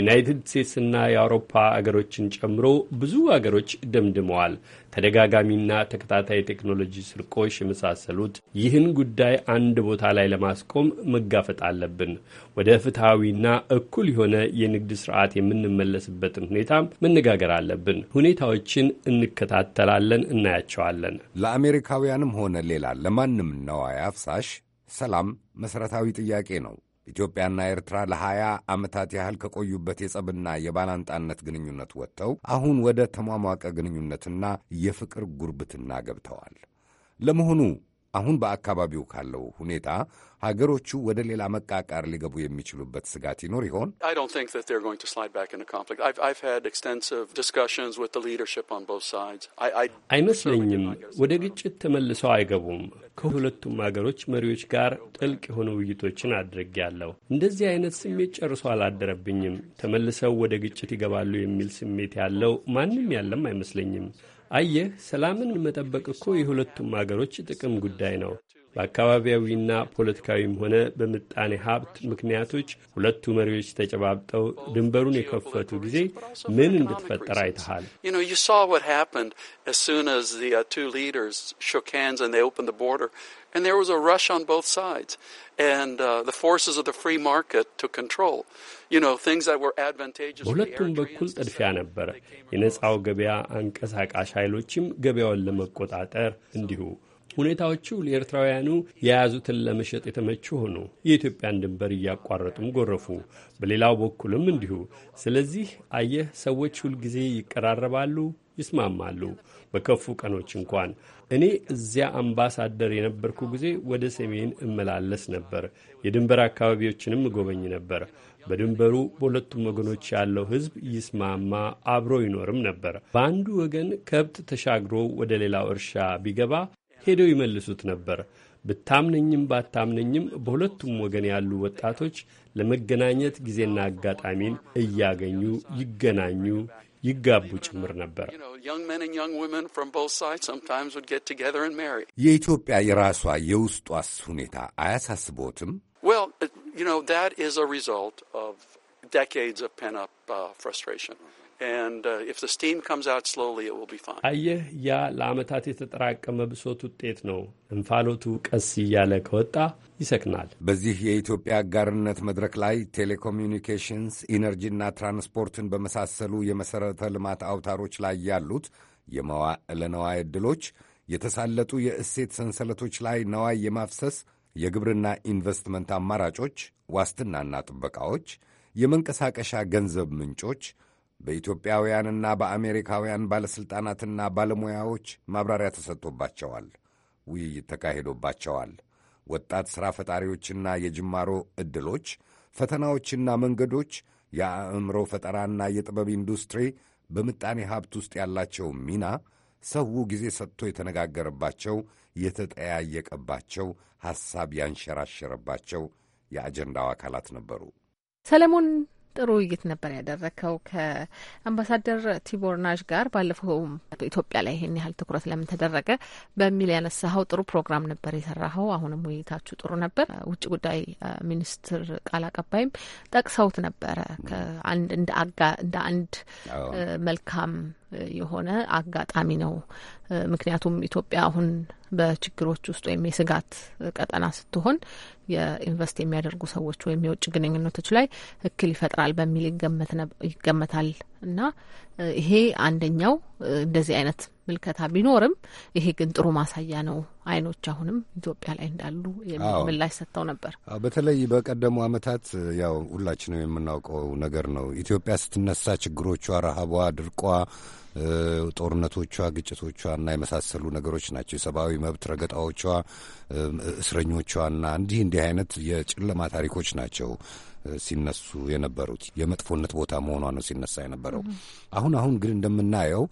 ዩናይትድ ስቴትስና የአውሮፓ አገሮችን ጨምሮ ብዙ አገሮች ደምድመዋል። ተደጋጋሚና ተከታታይ ቴክኖሎጂ ስርቆሽ የመሳሰሉት ይህን ጉዳይ አንድ ቦታ ላይ ለማስቆም መጋፈጥ አለብን። ወደ ፍትሐዊና እኩል የሆነ የንግድ ስርዓት የምንመለስበትን ሁኔታም መነጋገር አለብን። ሁኔታዎችን እንከታተላለን፣ እናያቸዋለን። ለአሜሪካውያንም ሆነ ሌላ ለማንም ነዋይ አፍሳሽ ሰላም መሠረታዊ ጥያቄ ነው። ኢትዮጵያና ኤርትራ ለሀያ ዓመታት ያህል ከቆዩበት የጸብና የባላንጣነት ግንኙነት ወጥተው አሁን ወደ ተሟሟቀ ግንኙነትና የፍቅር ጉርብትና ገብተዋል። ለመሆኑ አሁን በአካባቢው ካለው ሁኔታ ሀገሮቹ ወደ ሌላ መቃቃር ሊገቡ የሚችሉበት ስጋት ይኖር ይሆን? አይመስለኝም። ወደ ግጭት ተመልሰው አይገቡም። ከሁለቱም ሀገሮች መሪዎች ጋር ጥልቅ የሆኑ ውይይቶችን አድርጌያለሁ። እንደዚህ አይነት ስሜት ጨርሶ አላደረብኝም። ተመልሰው ወደ ግጭት ይገባሉ የሚል ስሜት ያለው ማንም ያለም አይመስለኝም። አየህ፣ ሰላምን መጠበቅ እኮ የሁለቱም አገሮች ጥቅም ጉዳይ ነው። በአካባቢያዊና ፖለቲካዊም ሆነ በምጣኔ ሀብት ምክንያቶች ሁለቱ መሪዎች ተጨባብጠው ድንበሩን የከፈቱ ጊዜ ምን እንደተፈጠረ አይተሃል። And there was a rush on both sides. Uh, the forces of the free market took control. You know, things that were advantageous በሁለቱም በኩል ጥድፊያ ነበር የነፃው ገበያ አንቀሳቃሽ ኃይሎችም ገበያውን ለመቆጣጠር እንዲሁ ሁኔታዎቹ ለኤርትራውያኑ የያዙትን ለመሸጥ የተመቹ ሆኑ። የኢትዮጵያን ድንበር እያቋረጡም ጎረፉ። በሌላው በኩልም እንዲሁ። ስለዚህ አየህ፣ ሰዎች ሁልጊዜ ይቀራረባሉ፣ ይስማማሉ። በከፉ ቀኖች እንኳን እኔ እዚያ አምባሳደር የነበርኩ ጊዜ ወደ ሰሜን እመላለስ ነበር። የድንበር አካባቢዎችንም እጎበኝ ነበር። በድንበሩ በሁለቱም ወገኖች ያለው ሕዝብ ይስማማ፣ አብሮ ይኖርም ነበር። በአንዱ ወገን ከብት ተሻግሮ ወደ ሌላው እርሻ ቢገባ ሄደው ይመልሱት ነበር። ብታምነኝም ባታምነኝም በሁለቱም ወገን ያሉ ወጣቶች ለመገናኘት ጊዜና አጋጣሚን እያገኙ ይገናኙ ይጋቡ ጭምር ነበር። የኢትዮጵያ የራሷ የውስጧስ ሁኔታ አያሳስቦትም? ዌል ዩ ኖው ዛት ኢዝ አ ሪዛልት ኦፍ ዴኬድስ ኦፍ ፔንት አፕ ፍራስትሬሽን Uh, አየህ፣ ያ ለዓመታት የተጠራቀመ ብሶት ውጤት ነው። እንፋሎቱ ቀስ እያለ ከወጣ ይሰክናል። በዚህ የኢትዮጵያ አጋርነት መድረክ ላይ ቴሌኮሚኒኬሽንስ፣ ኢነርጂና ትራንስፖርትን በመሳሰሉ የመሠረተ ልማት አውታሮች ላይ ያሉት የመዋዕለ ነዋይ ዕድሎች፣ የተሳለጡ የእሴት ሰንሰለቶች ላይ ነዋይ የማፍሰስ የግብርና ኢንቨስትመንት አማራጮች፣ ዋስትናና ጥበቃዎች፣ የመንቀሳቀሻ ገንዘብ ምንጮች በኢትዮጵያውያንና በአሜሪካውያን ባለሥልጣናትና ባለሙያዎች ማብራሪያ ተሰጥቶባቸዋል። ውይይት ተካሂዶባቸዋል። ወጣት ሥራ ፈጣሪዎችና የጅማሮ ዕድሎች፣ ፈተናዎችና መንገዶች፣ የአእምሮ ፈጠራና የጥበብ ኢንዱስትሪ በምጣኔ ሀብት ውስጥ ያላቸው ሚና ሰው ጊዜ ሰጥቶ የተነጋገረባቸው፣ የተጠያየቀባቸው፣ ሐሳብ ያንሸራሸረባቸው የአጀንዳው አካላት ነበሩ። ሰለሞን ጥሩ ውይይት ነበር ያደረከው ከአምባሳደር ቲቦር ናዥ ጋር ባለፈው ኢትዮጵያ ላይ ይህን ያህል ትኩረት ለምን ተደረገ በሚል ያነሳኸው ጥሩ ፕሮግራም ነበር የሰራኸው። አሁንም ውይይታችሁ ጥሩ ነበር። ውጭ ጉዳይ ሚኒስትር ቃል አቀባይም ጠቅሰውት ነበረ እንደ አንድ መልካም የሆነ አጋጣሚ ነው ምክንያቱም ኢትዮጵያ አሁን በችግሮች ውስጥ ወይም የስጋት ቀጠና ስትሆን የኢንቨስት የሚያደርጉ ሰዎች ወይም የውጭ ግንኙነቶች ላይ እክል ይፈጥራል በሚል ይገመታል እና ይሄ አንደኛው እንደዚህ አይነት ምልከታ ቢኖርም ይሄ ግን ጥሩ ማሳያ ነው። አይኖች አሁንም ኢትዮጵያ ላይ እንዳሉ የሚል ምላሽ ሰጥተው ነበር። በተለይ በቀደሙ ዓመታት ያው ሁላችንም የምናውቀው ነገር ነው። ኢትዮጵያ ስትነሳ ችግሮቿ፣ ረሃቧ፣ ድርቋ ጦርነቶቿ፣ ግጭቶቿ እና የመሳሰሉ ነገሮች ናቸው። የሰብአዊ መብት ረገጣዎቿ፣ እስረኞቿ እና እንዲህ እንዲህ አይነት የጨለማ ታሪኮች ናቸው ሲነሱ የነበሩት የመጥፎነት ቦታ መሆኗ ነው ሲነሳ የነበረው። አሁን አሁን ግን እንደምናየው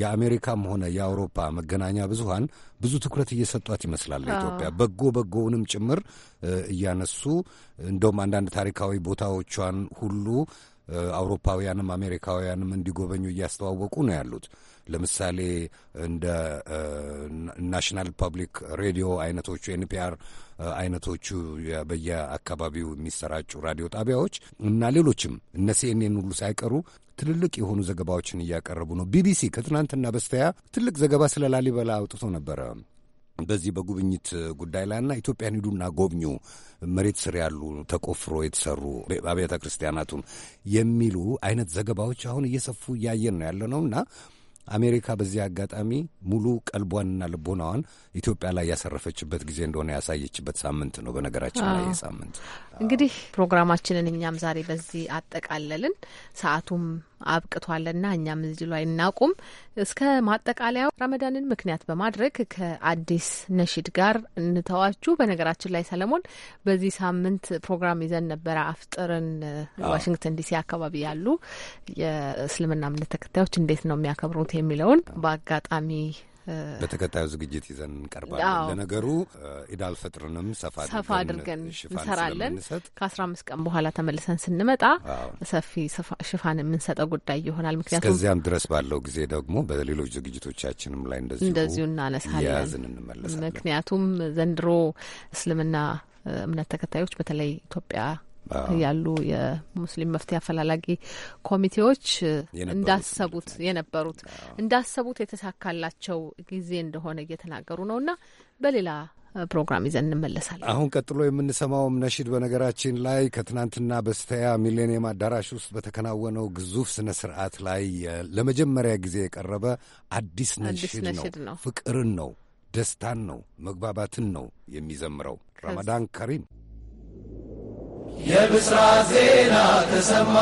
የአሜሪካም ሆነ የአውሮፓ መገናኛ ብዙሃን ብዙ ትኩረት እየሰጧት ይመስላል ለኢትዮጵያ በጎ በጎውንም ጭምር እያነሱ እንደውም አንዳንድ ታሪካዊ ቦታዎቿን ሁሉ አውሮፓውያንም አሜሪካውያንም እንዲጎበኙ እያስተዋወቁ ነው ያሉት። ለምሳሌ እንደ ናሽናል ፐብሊክ ሬዲዮ አይነቶቹ ኤንፒአር አይነቶቹ በየአካባቢው የሚሰራጩ ራዲዮ ጣቢያዎች እና ሌሎችም እነ ሲኤንኤን ሁሉ ሳይቀሩ ትልልቅ የሆኑ ዘገባዎችን እያቀረቡ ነው። ቢቢሲ ከትናንትና በስተያ ትልቅ ዘገባ ስለ ላሊበላ አውጥቶ ነበረ። በዚህ በጉብኝት ጉዳይ ላይና ኢትዮጵያን ሂዱና ጎብኙ፣ መሬት ስር ያሉ ተቆፍሮ የተሰሩ አብያተ ክርስቲያናቱን የሚሉ አይነት ዘገባዎች አሁን እየሰፉ እያየን ነው ያለ ነው እና አሜሪካ በዚህ አጋጣሚ ሙሉ ቀልቧንና ልቦናዋን ኢትዮጵያ ላይ ያሰረፈችበት ጊዜ እንደሆነ ያሳየችበት ሳምንት ነው። በነገራችን ላይ ሳምንት እንግዲህ ፕሮግራማችንን እኛም ዛሬ በዚህ አጠቃለልን። ሰዓቱም አብቅቷልና እኛም እዚሉ ላይ እናቁም። እስከ ማጠቃለያው ረመዳንን ምክንያት በማድረግ ከአዲስ ነሽድ ጋር እንተዋችሁ። በነገራችን ላይ ሰለሞን፣ በዚህ ሳምንት ፕሮግራም ይዘን ነበረ አፍጥርን ዋሽንግተን ዲሲ አካባቢ ያሉ የእስልምና እምነት ተከታዮች እንዴት ነው የሚያከብሩት የሚለውን በአጋጣሚ በተከታዩ ዝግጅት ይዘን እንቀርባለን። ለነገሩ ኢዳል ፍጥርንም ሰፋ አድርገን እንሰራለን። ከአስራ አምስት ቀን በኋላ ተመልሰን ስንመጣ ሰፊ ሽፋን የምንሰጠው ጉዳይ ይሆናል። ምክንያቱም እስከዚያም ድረስ ባለው ጊዜ ደግሞ በሌሎች ዝግጅቶቻችንም ላይ እንደዚሁ እናነሳለን። ምክንያቱም ዘንድሮ እስልምና እምነት ተከታዮች በተለይ ኢትዮጵያ ያሉ የሙስሊም መፍትሄ አፈላላጊ ኮሚቴዎች እንዳሰቡት የነበሩት እንዳሰቡት የተሳካላቸው ጊዜ እንደሆነ እየተናገሩ ነው እና በሌላ ፕሮግራም ይዘን እንመለሳለን። አሁን ቀጥሎ የምንሰማውም ነሽድ በነገራችን ላይ ከትናንትና በስተያ ሚሌኒየም አዳራሽ ውስጥ በተከናወነው ግዙፍ ስነ ስርዓት ላይ ለመጀመሪያ ጊዜ የቀረበ አዲስ ነሽድ ነው። ፍቅርን ነው፣ ደስታን ነው፣ መግባባትን ነው የሚዘምረው። ረመዳን ከሪም የብስራት ዜና ተሰማ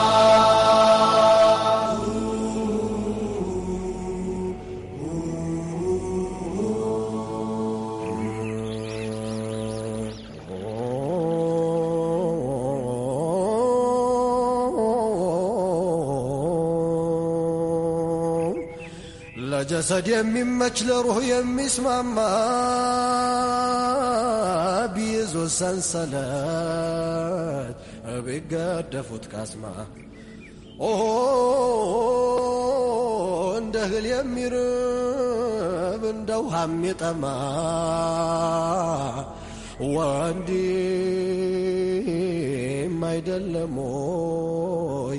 ለጀሰድ የሚመች ለሩህ የሚስማማ ቢይዞ ሰንሰለት ቢገደፉት ካስማ እንደ እህል የሚርብ እንደ ውሃ የሚጠማ ወንድም አይደለም ወይ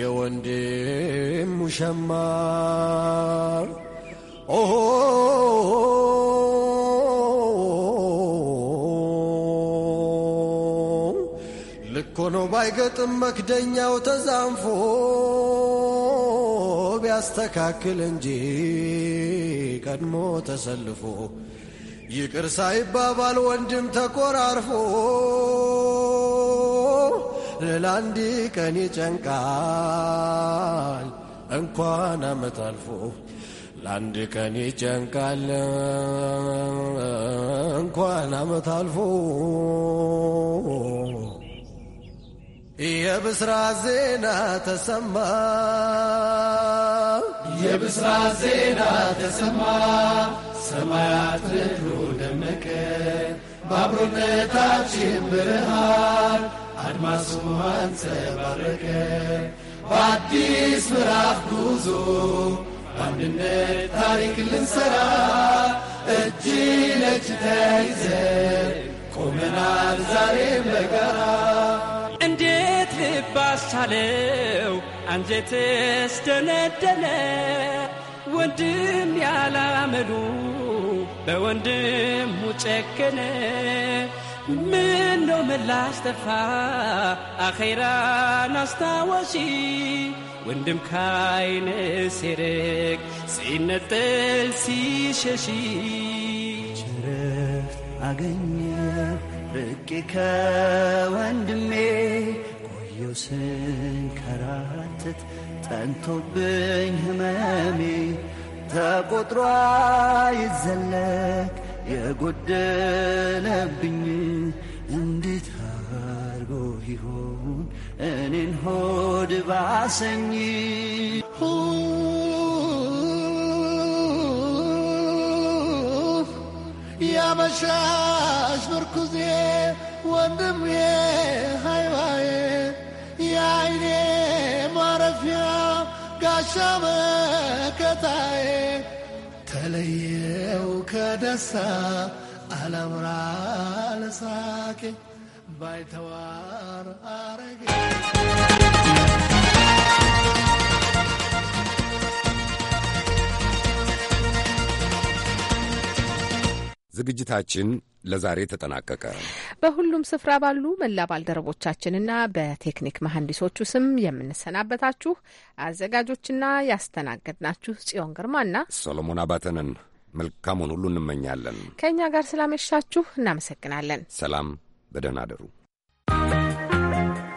የወንድም ውሸማ ሆኖ ባይገጥም መክደኛው ተዛንፎ ቢያስተካክል እንጂ ቀድሞ ተሰልፎ ይቅር ሳይባባል ወንድም ተቆራርፎ ለአንድ ቀን ይጨንቃል እንኳን ዓመት አልፎ ለአንድ ቀን ይጨንቃል እንኳን ዓመት አልፎ የብስራት ዜና ተሰማ የብስራት ዜና ተሰማ ሰማያት ንሉ ደመቀ በአብሮነታችን ብርሃን አድማሱ አንጸባረቀ በአዲስ ምዕራፍ ጉዞ በአንድነት ታሪክ ልንሰራ እጅ ለእጅ ተይዘን ቆመናል ዛሬ በጋራ ልባሳለው አንጀቴስ ደነደነ ወንድም ያላመሉ በወንድም ጨከነ። ምን ነው ተፋ አኼራን አስታወሺ ወንድም ካይነ ሴረግ ሲነጠል ሲሸሺ ቸረፍት አገኘ ርቄ ከወንድሜ እየው ስንከራተት ጠንቶብኝ ህመሜ ተቆጥሮ ይዘለቅ የጎደለብኝ እንዴት አርጎ ይሆን እኔን ሆድ ባሰኝ ያመሻሽ ምርኩዜ ወንድሜ ሃይባዬ የአይኔ ማረፊያ ጋሻ መከታዬ ተለየው ከደስታ አላምራ ለሳቄ ባይተዋር አረጌ ዝግጅታችን ለዛሬ ተጠናቀቀ። በሁሉም ስፍራ ባሉ መላ ባልደረቦቻችንና በቴክኒክ መሐንዲሶቹ ስም የምንሰናበታችሁ አዘጋጆችና ያስተናገድናችሁ ጽዮን ግርማና ሰሎሞን አባተንን መልካሙን ሁሉ እንመኛለን። ከእኛ ጋር ስላመሻችሁ እናመሰግናለን። ሰላም፣ በደህና አደሩ።